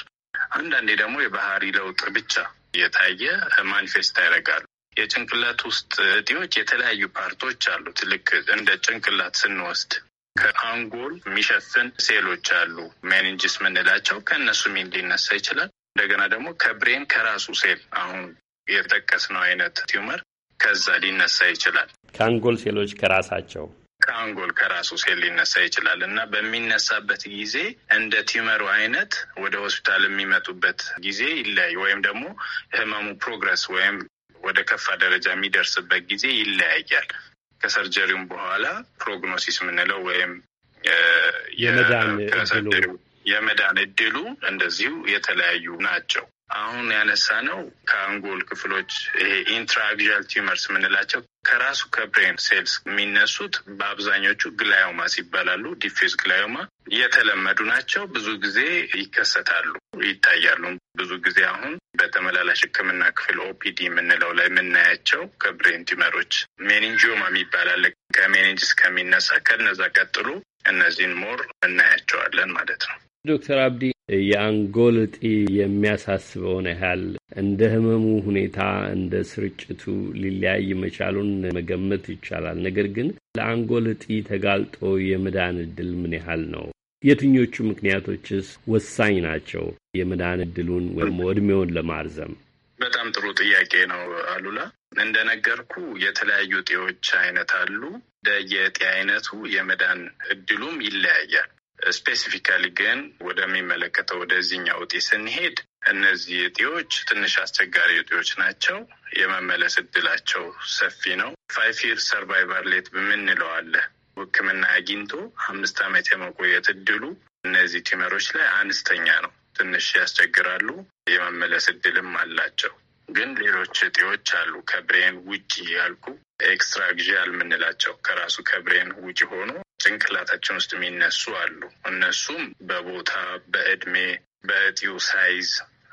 አንዳንዴ ደግሞ የባህሪ ለውጥ ብቻ የታየ ማኒፌስት ያደርጋሉ። የጭንቅላት ውስጥ እጢዎች የተለያዩ ፓርቶች አሉት። ልክ እንደ ጭንቅላት ስንወስድ ከአንጎል የሚሸፍን ሴሎች አሉ፣ ሜኒንጅስ የምንላቸው ከእነሱ ሚን ሊነሳ ይችላል። እንደገና ደግሞ ከብሬን ከራሱ ሴል አሁን የጠቀስነው አይነት ቲዩመር ከዛ ሊነሳ ይችላል። ከአንጎል ሴሎች ከራሳቸው ከአንጎል ከራሱ ሴል ሊነሳ ይችላል እና በሚነሳበት ጊዜ እንደ ቲመሩ አይነት ወደ ሆስፒታል የሚመጡበት ጊዜ ይለያይ ወይም ደግሞ ህመሙ ፕሮግረስ ወይም ወደ ከፋ ደረጃ የሚደርስበት ጊዜ ይለያያል። ከሰርጀሪውም በኋላ ፕሮግኖሲስ የምንለው ወይም የመዳን እድሉ እንደዚሁ የተለያዩ ናቸው። አሁን ያነሳ ነው ከአንጎል ክፍሎች ይሄ ኢንትራቪዥል ቲመርስ የምንላቸው ከራሱ ከብሬን ሴልስ የሚነሱት በአብዛኞቹ ግላዮማስ ይባላሉ። ዲፊዝ ግላዮማ የተለመዱ ናቸው። ብዙ ጊዜ ይከሰታሉ፣ ይታያሉ። ብዙ ጊዜ አሁን በተመላላሽ ሕክምና ክፍል ኦፒዲ የምንለው ላይ የምናያቸው ከብሬን ቲመሮች ሜኒንጂዮማ የሚባላል ከሜኒንጅስ ከሚነሳ ከነዛ ቀጥሎ እነዚህን ሞር እናያቸዋለን ማለት ነው። ዶክተር አብዲ የአንጎል እጢ የሚያሳስበውን ያህል እንደ ህመሙ ሁኔታ እንደ ስርጭቱ ሊለያይ መቻሉን መገመት ይቻላል። ነገር ግን ለአንጎል እጢ ተጋልጦ የመዳን እድል ምን ያህል ነው? የትኞቹ ምክንያቶችስ ወሳኝ ናቸው? የመዳን እድሉን ወይም እድሜውን ለማርዘም። በጣም ጥሩ ጥያቄ ነው አሉላ። እንደነገርኩ የተለያዩ እጢዎች አይነት አሉ። እንደየእጢ አይነቱ የመዳን እድሉም ይለያያል። ስፔሲፊካሊ ግን ወደሚመለከተው ወደዚህኛ እጢ ስንሄድ እነዚህ እጢዎች ትንሽ አስቸጋሪ እጢዎች ናቸው። የመመለስ እድላቸው ሰፊ ነው። ፋይቭ ይር ሌት ምንለው አለ። ሕክምና አግኝቶ አምስት ዓመት የመቆየት እድሉ እነዚህ ቲመሮች ላይ አነስተኛ ነው። ትንሽ ያስቸግራሉ። የመመለስ እድልም አላቸው። ግን ሌሎች እጢዎች አሉ ከብሬን ውጭ ያልኩ ኤክስትራ ግዣል አልምንላቸው ከራሱ ከብሬን ውጭ ሆኖ ጭንቅላታችን ውስጥ የሚነሱ አሉ። እነሱም በቦታ በእድሜ በእጢው ሳይዝ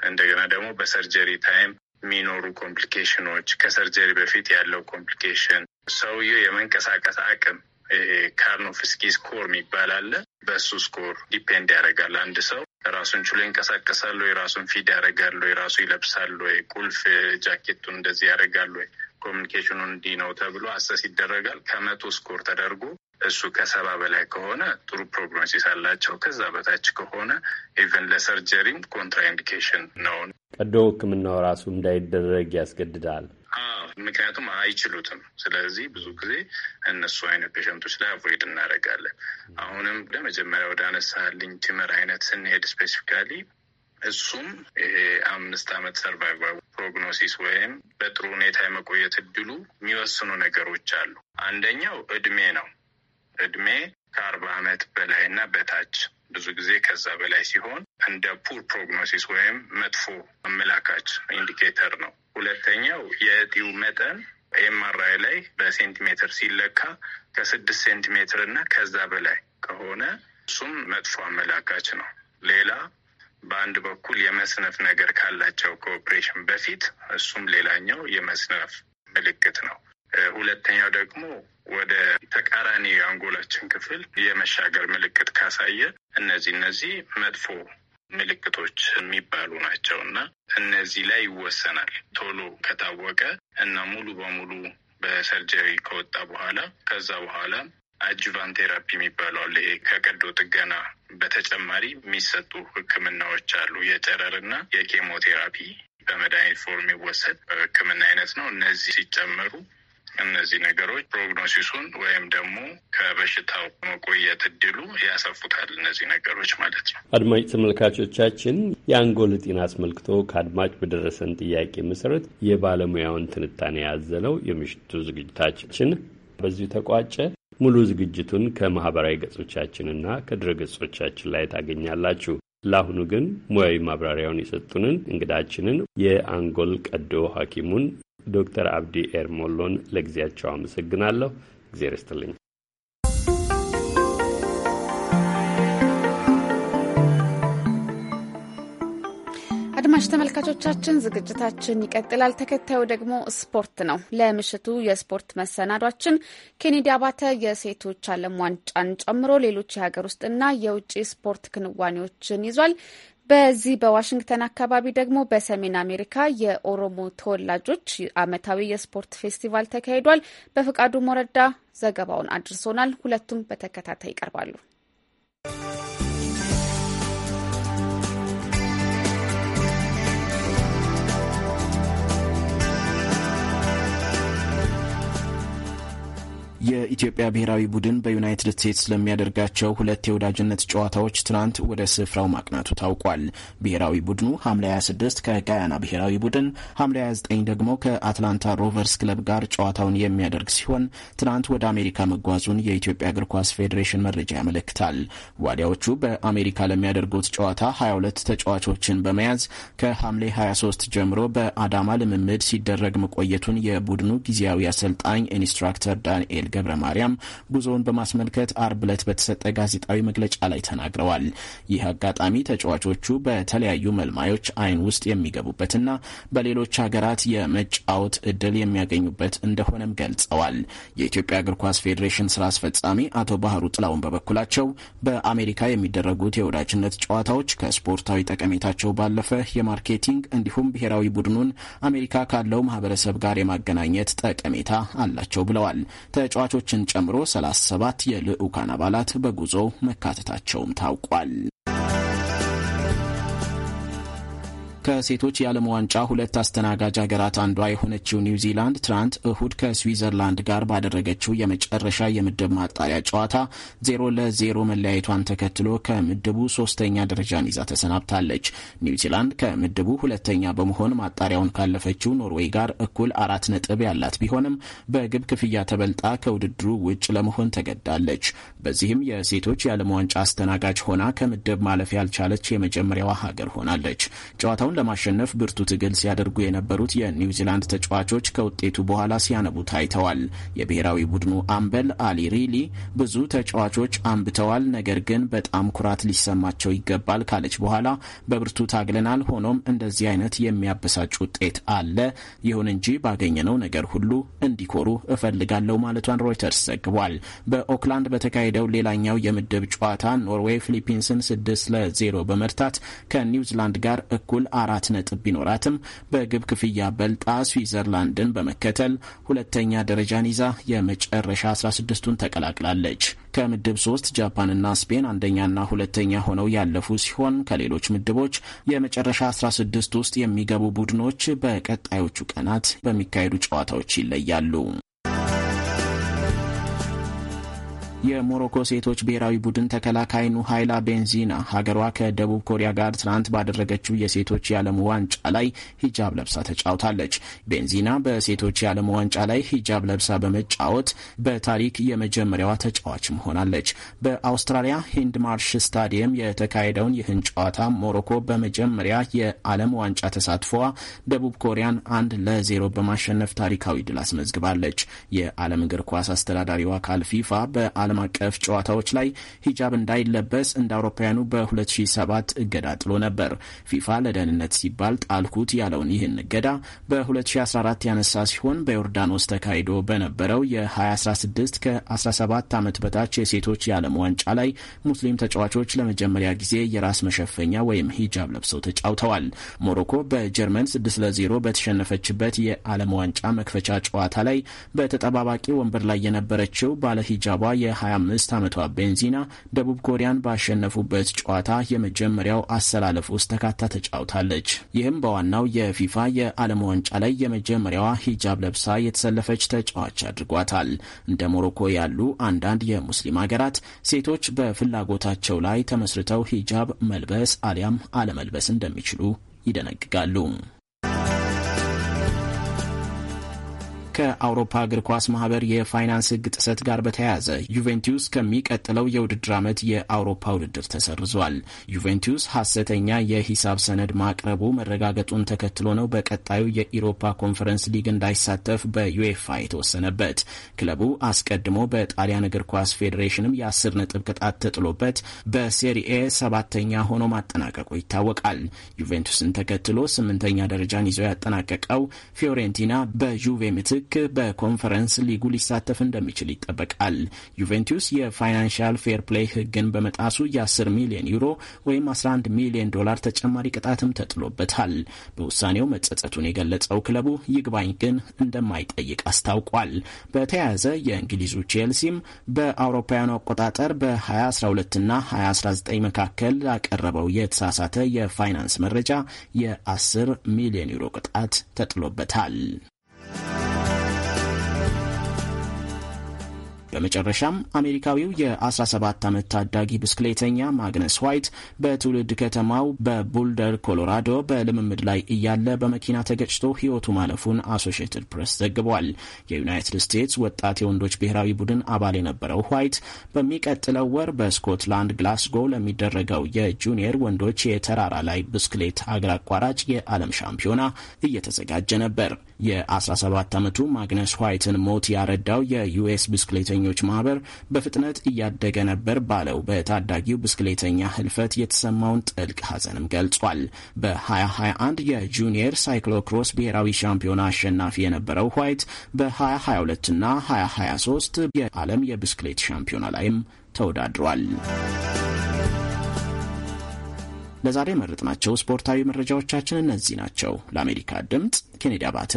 እንደገና ደግሞ በሰርጀሪ ታይም የሚኖሩ ኮምፕሊኬሽኖች፣ ከሰርጀሪ በፊት ያለው ኮምፕሊኬሽን፣ ሰውየው የመንቀሳቀስ አቅም ይሄ ካርኖፍስኪ ስኮር የሚባል አለ። በእሱ ስኮር ዲፔንድ ያደርጋል። አንድ ሰው ራሱን ችሎ ይንቀሳቀሳሉ ወይ፣ ራሱን ፊድ ያደርጋሉ ወይ፣ ራሱ ይለብሳሉ ወይ፣ ቁልፍ ጃኬቱን እንደዚህ ያደርጋሉ ወይ፣ ኮሚኒኬሽኑን እንዲህ ነው ተብሎ አሰስ ይደረጋል። ከመቶ ስኮር ተደርጎ እሱ ከሰባ በላይ ከሆነ ጥሩ ፕሮግኖሲስ አላቸው። ከዛ በታች ከሆነ ኢቨን ለሰርጀሪም ኮንትራኢንዲኬሽን ነው። ቀዶ ሕክምናው ራሱ እንዳይደረግ ያስገድዳል። ምክንያቱም አይችሉትም። ስለዚህ ብዙ ጊዜ እነሱ አይነት ፔሸንቶች ላይ አቮይድ እናደርጋለን። አሁንም ለመጀመሪያ ወደ አነሳልኝ ቲመር አይነት ስንሄድ ስፔሲፊካሊ እሱም ይሄ አምስት አመት ሰርቫይቫል ፕሮግኖሲስ ወይም በጥሩ ሁኔታ የመቆየት እድሉ የሚወስኑ ነገሮች አሉ። አንደኛው እድሜ ነው። እድሜ ከአርባ ዓመት በላይ እና በታች ብዙ ጊዜ ከዛ በላይ ሲሆን እንደ ፑር ፕሮግኖሲስ ወይም መጥፎ አመላካች ኢንዲኬተር ነው። ሁለተኛው የእጢው መጠን ኤምአርአይ ላይ በሴንቲሜትር ሲለካ ከስድስት ሴንቲሜትር እና ከዛ በላይ ከሆነ እሱም መጥፎ አመላካች ነው። ሌላ በአንድ በኩል የመስነፍ ነገር ካላቸው ከኦፕሬሽን በፊት እሱም ሌላኛው የመስነፍ ምልክት ነው። ሁለተኛው ደግሞ ወደ ተቃራኒ የአንጎላችን ክፍል የመሻገር ምልክት ካሳየ እነዚህ እነዚህ መጥፎ ምልክቶች የሚባሉ ናቸው እና እነዚህ ላይ ይወሰናል። ቶሎ ከታወቀ እና ሙሉ በሙሉ በሰርጀሪ ከወጣ በኋላ ከዛ በኋላ አጅቫን ቴራፒ የሚባለዋል። ይሄ ከቀዶ ጥገና በተጨማሪ የሚሰጡ ሕክምናዎች አሉ። የጨረር እና የኬሞቴራፒ በመድኃኒት ፎርም የሚወሰድ ሕክምና አይነት ነው። እነዚህ ሲጨመሩ እነዚህ ነገሮች ፕሮግኖሲሱን ወይም ደግሞ ከበሽታው መቆየት እድሉ ያሰፉታል። እነዚህ ነገሮች ማለት ነው። አድማጭ ተመልካቾቻችን፣ የአንጎል ጤና አስመልክቶ ከአድማጭ በደረሰን ጥያቄ መሰረት የባለሙያውን ትንታኔ ያዘለው የምሽቱ ዝግጅታችን በዚሁ ተቋጨ። ሙሉ ዝግጅቱን ከማህበራዊ ገጾቻችንና ከድረ ገጾቻችን ላይ ታገኛላችሁ። ለአሁኑ ግን ሙያዊ ማብራሪያውን የሰጡንን እንግዳችንን የአንጎል ቀዶ ሐኪሙን ዶክተር አብዲ ኤርሞሎን ለጊዜያቸው አመሰግናለሁ። እግዜር ይስጥልኝ። አድማጭ ተመልካቾቻችን ዝግጅታችን ይቀጥላል። ተከታዩ ደግሞ ስፖርት ነው። ለምሽቱ የስፖርት መሰናዷችን ኬኔዲ አባተ የሴቶች ዓለም ዋንጫን ጨምሮ ሌሎች የሀገር ውስጥና የውጭ ስፖርት ክንዋኔዎችን ይዟል። በዚህ በዋሽንግተን አካባቢ ደግሞ በሰሜን አሜሪካ የኦሮሞ ተወላጆች ዓመታዊ የስፖርት ፌስቲቫል ተካሂዷል። በፍቃዱ ሞረዳ ዘገባውን አድርሶናል። ሁለቱም በተከታታይ ይቀርባሉ። የኢትዮጵያ ብሔራዊ ቡድን በዩናይትድ ስቴትስ ለሚያደርጋቸው ሁለት የወዳጅነት ጨዋታዎች ትናንት ወደ ስፍራው ማቅናቱ ታውቋል። ብሔራዊ ቡድኑ ሐምሌ 26 ከጋያና ብሔራዊ ቡድን፣ ሐምሌ 29 ደግሞ ከአትላንታ ሮቨርስ ክለብ ጋር ጨዋታውን የሚያደርግ ሲሆን ትናንት ወደ አሜሪካ መጓዙን የኢትዮጵያ እግር ኳስ ፌዴሬሽን መረጃ ያመለክታል። ዋዲያዎቹ በአሜሪካ ለሚያደርጉት ጨዋታ 22 ተጫዋቾችን በመያዝ ከሐምሌ 23 ጀምሮ በአዳማ ልምምድ ሲደረግ መቆየቱን የቡድኑ ጊዜያዊ አሰልጣኝ ኢንስትራክተር ዳንኤል ገብረ ማርያም ጉዞውን በማስመልከት አርብ ዕለት በተሰጠ ጋዜጣዊ መግለጫ ላይ ተናግረዋል። ይህ አጋጣሚ ተጫዋቾቹ በተለያዩ መልማዮች አይን ውስጥ የሚገቡበትና በሌሎች ሀገራት የመጫወት እድል የሚያገኙበት እንደሆነም ገልጸዋል። የኢትዮጵያ እግር ኳስ ፌዴሬሽን ስራ አስፈጻሚ አቶ ባህሩ ጥላውን በበኩላቸው በአሜሪካ የሚደረጉት የወዳጅነት ጨዋታዎች ከስፖርታዊ ጠቀሜታቸው ባለፈ የማርኬቲንግ እንዲሁም ብሔራዊ ቡድኑን አሜሪካ ካለው ማህበረሰብ ጋር የማገናኘት ጠቀሜታ አላቸው ብለዋል። ተጫዋቾችን ጨምሮ 37 የልዑካን አባላት በጉዞ መካተታቸውም ታውቋል። ከሴቶች የዓለም ዋንጫ ሁለት አስተናጋጅ ሀገራት አንዷ የሆነችው ኒውዚላንድ ትናንት እሁድ ከስዊዘርላንድ ጋር ባደረገችው የመጨረሻ የምድብ ማጣሪያ ጨዋታ ዜሮ ለዜሮ መለያየቷን ተከትሎ ከምድቡ ሶስተኛ ደረጃን ይዛ ተሰናብታለች። ኒውዚላንድ ከምድቡ ሁለተኛ በመሆን ማጣሪያውን ካለፈችው ኖርዌይ ጋር እኩል አራት ነጥብ ያላት ቢሆንም በግብ ክፍያ ተበልጣ ከውድድሩ ውጭ ለመሆን ተገዳለች። በዚህም የሴቶች የዓለም ዋንጫ አስተናጋጅ ሆና ከምድብ ማለፍ ያልቻለች የመጀመሪያዋ ሀገር ሆናለች። ጨዋታው ጨዋታውን ለማሸነፍ ብርቱ ትግል ሲያደርጉ የነበሩት የኒውዚላንድ ተጫዋቾች ከውጤቱ በኋላ ሲያነቡ ታይተዋል። የብሔራዊ ቡድኑ አምበል አሊ ሪሊ ብዙ ተጫዋቾች አንብተዋል፣ ነገር ግን በጣም ኩራት ሊሰማቸው ይገባል ካለች በኋላ በብርቱ ታግለናል። ሆኖም እንደዚህ አይነት የሚያበሳጭ ውጤት አለ። ይሁን እንጂ ባገኘነው ነገር ሁሉ እንዲኮሩ እፈልጋለሁ ማለቷን ሮይተርስ ዘግቧል። በኦክላንድ በተካሄደው ሌላኛው የምድብ ጨዋታ ኖርዌይ ፊሊፒንስን ስድስት ለዜሮ በመርታት ከኒውዚላንድ ጋር እኩል አራት ነጥብ ቢኖራትም በግብ ክፍያ በልጣ ስዊዘርላንድን በመከተል ሁለተኛ ደረጃን ይዛ የመጨረሻ 16ቱን ተቀላቅላለች። ከምድብ ሶስት ጃፓንና ስፔን አንደኛና ሁለተኛ ሆነው ያለፉ ሲሆን ከሌሎች ምድቦች የመጨረሻ 16 ውስጥ የሚገቡ ቡድኖች በቀጣዮቹ ቀናት በሚካሄዱ ጨዋታዎች ይለያሉ። የሞሮኮ ሴቶች ብሔራዊ ቡድን ተከላካይ ኑሃይላ ቤንዚና ሀገሯ ከደቡብ ኮሪያ ጋር ትናንት ባደረገችው የሴቶች የዓለም ዋንጫ ላይ ሂጃብ ለብሳ ተጫውታለች። ቤንዚና በሴቶች የዓለም ዋንጫ ላይ ሂጃብ ለብሳ በመጫወት በታሪክ የመጀመሪያዋ ተጫዋች መሆናለች። በአውስትራሊያ ሂንድ ማርሽ ስታዲየም የተካሄደውን ይህን ጨዋታ ሞሮኮ በመጀመሪያ የዓለም ዋንጫ ተሳትፏ ደቡብ ኮሪያን አንድ ለዜሮ በማሸነፍ ታሪካዊ ድል አስመዝግባለች። የዓለም እግር ኳስ አስተዳዳሪው አካል ፊፋ በ ዓለም አቀፍ ጨዋታዎች ላይ ሂጃብ እንዳይለበስ እንደ አውሮፓውያኑ በ2007 እገዳ ጥሎ ነበር። ፊፋ ለደህንነት ሲባል ጣልኩት ያለውን ይህን እገዳ በ2014 ያነሳ ሲሆን በዮርዳኖስ ተካሂዶ በነበረው የ2016 ከ17 ዓመት በታች የሴቶች የዓለም ዋንጫ ላይ ሙስሊም ተጫዋቾች ለመጀመሪያ ጊዜ የራስ መሸፈኛ ወይም ሂጃብ ለብሰው ተጫውተዋል። ሞሮኮ በጀርመን 6 ለ0 በተሸነፈችበት የዓለም ዋንጫ መክፈቻ ጨዋታ ላይ በተጠባባቂ ወንበር ላይ የነበረችው ባለ ሂጃቧ የ 25 ዓመቷ ቤንዚና ደቡብ ኮሪያን ባሸነፉበት ጨዋታ የመጀመሪያው አሰላለፍ ውስጥ ተካታ ተጫውታለች። ይህም በዋናው የፊፋ የዓለም ዋንጫ ላይ የመጀመሪያዋ ሂጃብ ለብሳ የተሰለፈች ተጫዋች አድርጓታል። እንደ ሞሮኮ ያሉ አንዳንድ የሙስሊም ሀገራት ሴቶች በፍላጎታቸው ላይ ተመስርተው ሂጃብ መልበስ አሊያም አለመልበስ እንደሚችሉ ይደነግጋሉ። ከአውሮፓ እግር ኳስ ማህበር የፋይናንስ ህግ ጥሰት ጋር በተያያዘ ዩቬንቱስ ከሚቀጥለው የውድድር ዓመት የአውሮፓ ውድድር ተሰርዟል። ዩቬንቱስ ሐሰተኛ የሂሳብ ሰነድ ማቅረቡ መረጋገጡን ተከትሎ ነው በቀጣዩ የኢሮፓ ኮንፈረንስ ሊግ እንዳይሳተፍ በዩኤፋ የተወሰነበት። ክለቡ አስቀድሞ በጣሊያን እግር ኳስ ፌዴሬሽንም የአስር ነጥብ ቅጣት ተጥሎበት በሴሪኤ ሰባተኛ ሆኖ ማጠናቀቁ ይታወቃል። ዩቬንቱስን ተከትሎ ስምንተኛ ደረጃን ይዘው ያጠናቀቀው ፊዮሬንቲና በዩቬ ምትክ ልክ በኮንፈረንስ ሊጉ ሊሳተፍ እንደሚችል ይጠበቃል። ዩቬንቱስ የፋይናንሻል ፌር ፕሌይ ሕግን በመጣሱ የ10 ሚሊዮን ዩሮ ወይም 11 ሚሊዮን ዶላር ተጨማሪ ቅጣትም ተጥሎበታል። በውሳኔው መጸጸቱን የገለጸው ክለቡ ይግባኝ ግን እንደማይጠይቅ አስታውቋል። በተያያዘ የእንግሊዙ ቼልሲም በአውሮፓውያኑ አቆጣጠር በ2012 እና 2019 መካከል ላቀረበው የተሳሳተ የፋይናንስ መረጃ የ10 ሚሊዮን ዩሮ ቅጣት ተጥሎበታል። በመጨረሻም አሜሪካዊው የ17 ዓመት ታዳጊ ብስክሌተኛ ማግነስ ዋይት በትውልድ ከተማው በቡልደር ኮሎራዶ በልምምድ ላይ እያለ በመኪና ተገጭቶ ሕይወቱ ማለፉን አሶሺየትድ ፕሬስ ዘግቧል። የዩናይትድ ስቴትስ ወጣት የወንዶች ብሔራዊ ቡድን አባል የነበረው ዋይት በሚቀጥለው ወር በስኮትላንድ ግላስጎ ለሚደረገው የጁኒየር ወንዶች የተራራ ላይ ብስክሌት አገር አቋራጭ የዓለም ሻምፒዮና እየተዘጋጀ ነበር። የ17 ዓመቱ ማግነስ ዋይትን ሞት ያረዳው የዩኤስ ብስክሌተኛ ጓደኞች ማህበር በፍጥነት እያደገ ነበር ባለው በታዳጊው ብስክሌተኛ ህልፈት የተሰማውን ጥልቅ ሐዘንም ገልጿል። በ2021 የጁኒየር ሳይክሎክሮስ ብሔራዊ ሻምፒዮና አሸናፊ የነበረው ዋይት በ2022 እና 2023 የዓለም የብስክሌት ሻምፒዮና ላይም ተወዳድሯል። ለዛሬ የመረጥናቸው ስፖርታዊ መረጃዎቻችን እነዚህ ናቸው። ለአሜሪካ ድምፅ ኬኔዲ አባተ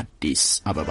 አዲስ አበባ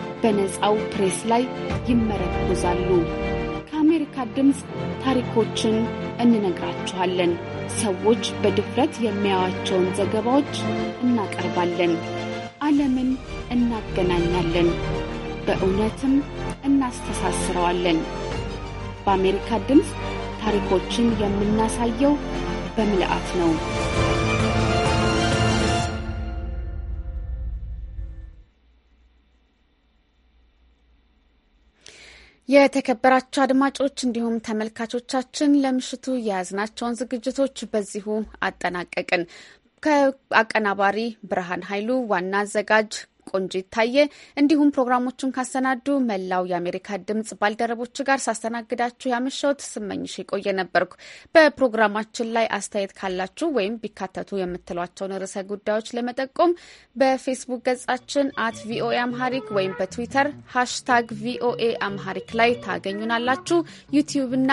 በነፃው ፕሬስ ላይ ይመረኮዛሉ። ከአሜሪካ ድምፅ ታሪኮችን እንነግራችኋለን። ሰዎች በድፍረት የሚያዩዋቸውን ዘገባዎች እናቀርባለን። ዓለምን እናገናኛለን፣ በእውነትም እናስተሳስረዋለን። በአሜሪካ ድምፅ ታሪኮችን የምናሳየው በምልአት ነው። የተከበራቸው አድማጮች እንዲሁም ተመልካቾቻችን ለምሽቱ የያዝናቸውን ዝግጅቶች በዚሁ አጠናቀቅን። ከአቀናባሪ ብርሃን ኃይሉ ዋና አዘጋጅ ቆንጂ ይታየ እንዲሁም ፕሮግራሞቹን ካሰናዱ መላው የአሜሪካ ድምጽ ባልደረቦች ጋር ሳስተናግዳችሁ ያመሸሁት ስመኝሽ የቆየ ነበርኩ። በፕሮግራማችን ላይ አስተያየት ካላችሁ ወይም ቢካተቱ የምትሏቸውን ርዕሰ ጉዳዮች ለመጠቆም በፌስቡክ ገጻችን አት ቪኦኤ አምሃሪክ ወይም በትዊተር ሃሽታግ ቪኦኤ አምሃሪክ ላይ ታገኙናላችሁ። ዩቲዩብና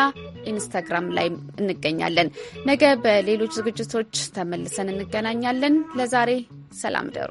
ኢንስታግራም ላይ እንገኛለን። ነገ በሌሎች ዝግጅቶች ተመልሰን እንገናኛለን። ለዛሬ ሰላም ደሩ።